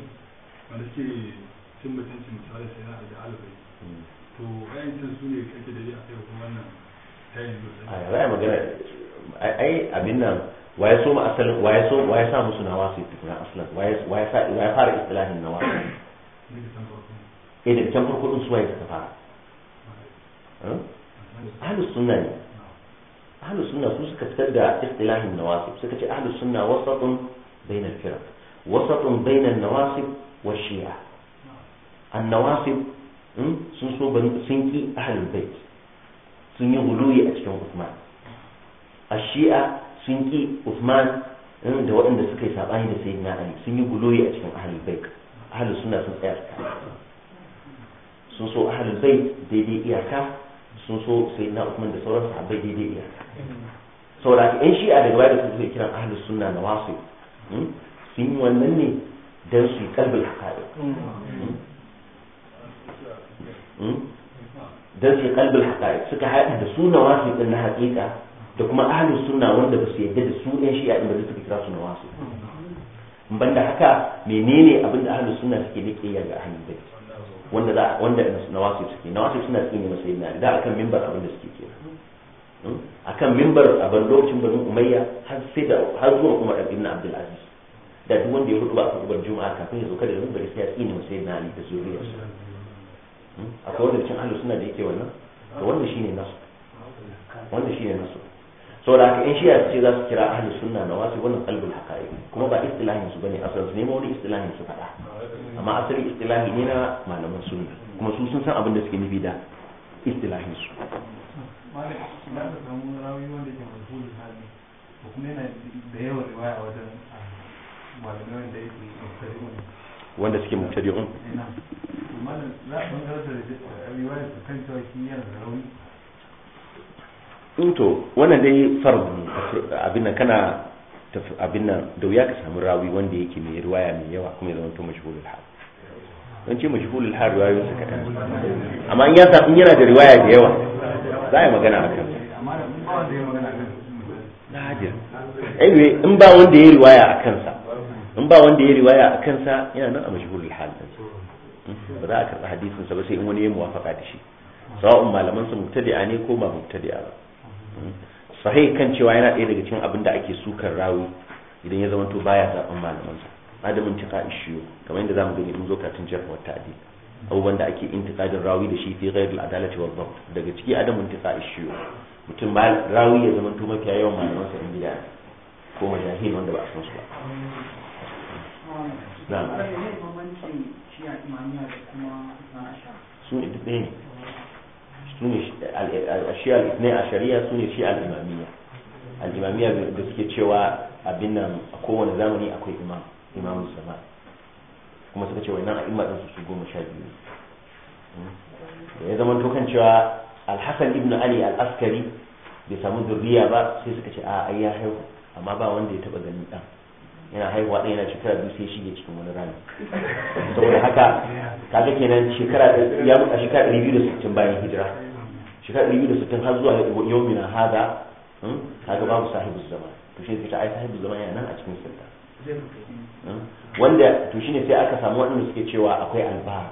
wanda suke cin mutuncin misali sai na da alibai to ra'ayin su ne kake da a kai kuma ta tayin zuwa ra'ayi magana ai abin nan waye so ma asalin waye so waye sa musu nawa su tukuna asalin waye waye sa waye fara istilahin nawa eh da can farko din su waye suka fara ahlus sunna ne ahlus sunna su suka fitar da istilahin nawasib suka ce ahlus sunna wasatun bainal firaq wasatun bainan nawasib wa shi'a an nawasib hmm, sun so sun ki ahlul bait sun yi huluyi a cikin usman a shi'a sun ki usman hmm, da waɗanda suka yi saɓani da sayyidina Ali sun yi guluyi a cikin ahlul bait ahlus sunna sun tsaya sun so ahlul bait daidai iyaka sun so sai na da sauran sahabbai daidai iya hmm. saboda yan shi'a daga baya da suke kiran ahli sunna na wasu hmm, sun yi wannan ne don su yi kalbul haqa'iq hmm. don su yi kalbul haqa'iq suka haɗa da su na wasu ɗin na haƙiƙa da kuma ahli sunna wanda ba su yadda da su yan shi'a ɗin ba suka kira su na wasu banda haka menene abin da ahli sunna suke nake ya ga ahlul wanda za wanda nawasib suke nawasib suna tsine masa sayyidina ali da akan minbar abin da suke kenan hmm? akan minbar abin lokacin banu umayya har sai da har zuwa umar ibn abdul aziz da duk wanda ya hudu ba a hudubar juma'a kafin ya zo kada ya minbar sai ya tsine masa sayyidina ali da zuriyarsa hmm? akwai wanda cikin ahlus sunna da yake wannan to wannan shine nasu wannan shine nasu da haka in shiya ce za su kira ahli sunna na wasu wannan qalbul haqaiq kuma ba istilahin su bane asal su ma wani istilahin su fada amma asali istilahi ne na malaman sunna kuma su sun san abin da suke nufi da istilahin su wanda suke mutari'un da to wannan dai farbu abin nan kana abin nan da wuya ka samu rawi wanda yake mai riwaya mai yawa kuma ya zama to mashhurul hal don ce mashhurul hal riwayoyin sa kadan amma in ya in yana da riwaya da yawa za a yi magana akan nadir anyway in ba wanda ya riwaya a kansa in ba wanda ya riwaya a kansa yana nan a mashhurul hal ba za a karɓi hadisin sa ba sai in wani ya muwafaka da shi sawa'un malaman su mubtadi'a ne ko ba mubtadi'a ba sahih kan cewa yana ɗaya daga cikin abin da ake sukar rawi idan ya to baya zaɓen malamansa adamin cika ishiyo kamar yadda zamu gani in zo katin jarh wa ta'dil abubuwan da ake intiqadin rawi da shi fi ghairil adalati wal dhabt daga ciki adamin cika ishiyo mutum ba rawi ya to mafiya yawan malamansa in bid'a ko majahil wanda ba a san su ba na'am su ɗaya ne sune shi al ashariya sune shi al-imamiyya al-imamiyya da suke cewa abin nan a kowane zamani akwai imam imamu sama kuma suka ce wannan a'imma din su goma sha biyu da hmm? ya zama tokan cewa al-hasan ibn ali al-askari bai samu zurriya ba sai suka ce a ai ya haihu amma ba wanda ya taba gani dan yana haihuwa ɗaya yana shekara biyu sai shige cikin wani rami saboda haka kaga kenan shekara ya mutu a shekara ɗari biyu da sittin bayan hijira shekara ɗari da sittin har zuwa yau mina hada hmm, kaga babu sahibu zama to shi fita ai sahibu zama yana nan a cikin sirta hmm. wanda to shi ne sai aka samu waɗanda suke cewa akwai alba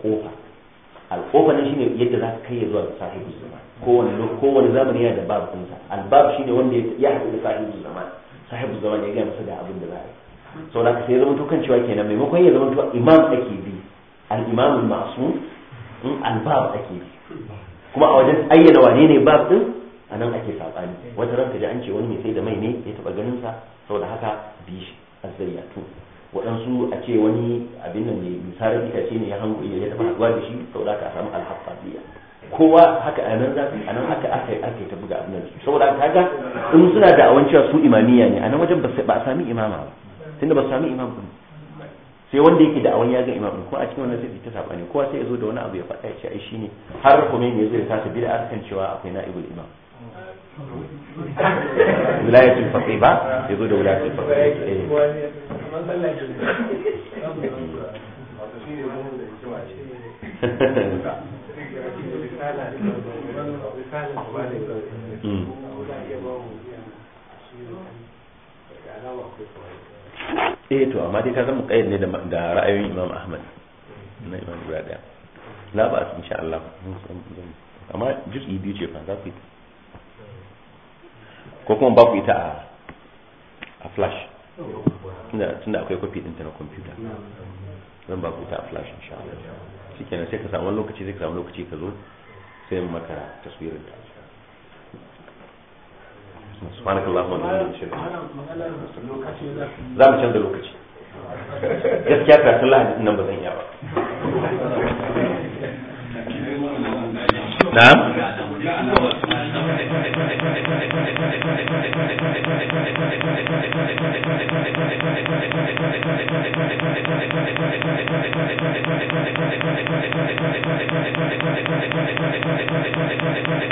kofa alkofa ne shine yadda za ka kai zuwa sahibu zama kowane kowane zamani yana da babu ɗinsa albab shine wanda ya haɗu da sahibu zama sahibu zama ya gaya masa da abin da za a yi Sau da sai zama to kan cewa kenan maimakon ya zama imam ake bi al-imamul ma'sum in hmm, albab ake bi kuma a wajen ayyana wane ne bab din a nan ake saɓani wata ran ka ji an ce wani mai sai da mai ne ya taɓa ganin sa saboda haka bi shi a azzayatu waɗansu a ce wani abin nan ne ita ce ne ya hango iya ya taɓa haɗuwa da shi saboda haka a samu biya kowa haka a nan zafi a nan haka aka yi aka yi ta buga abin nan saboda kaga in suna da awan cewa su imamiya ne a nan wajen ba a sami imama ba tunda ba su sami imam ba sai wanda yake da awon yagan imam ko a cikin wannan sai ta saba ne kowa sai ya zo da wani abu ya faɗa ya ce ai shine har ne ya zo ya kasa da arkan cewa akwai na'ibul imam wilayatul faqih ba ya zo da wilayatul faqih eh eh to amma dai ka zama kayan ne da ra'ayoyin imam ahmad na imam guda daya na ba su insha Allah amma yi biyu ce fa za ku yi ko kuma ba ku yi a a flash tunda akwai kwafi ɗinta na kwamfuta zan ba ku ta a flash insha Allah kenan sai ka samu lokaci sai ka samu lokaci ka zo sai mu maka taswirin ta subhanaka allahumma wa za mu canza lokaci gaskiya karatun lahadi nan ba zan iya ba na'am Thank you.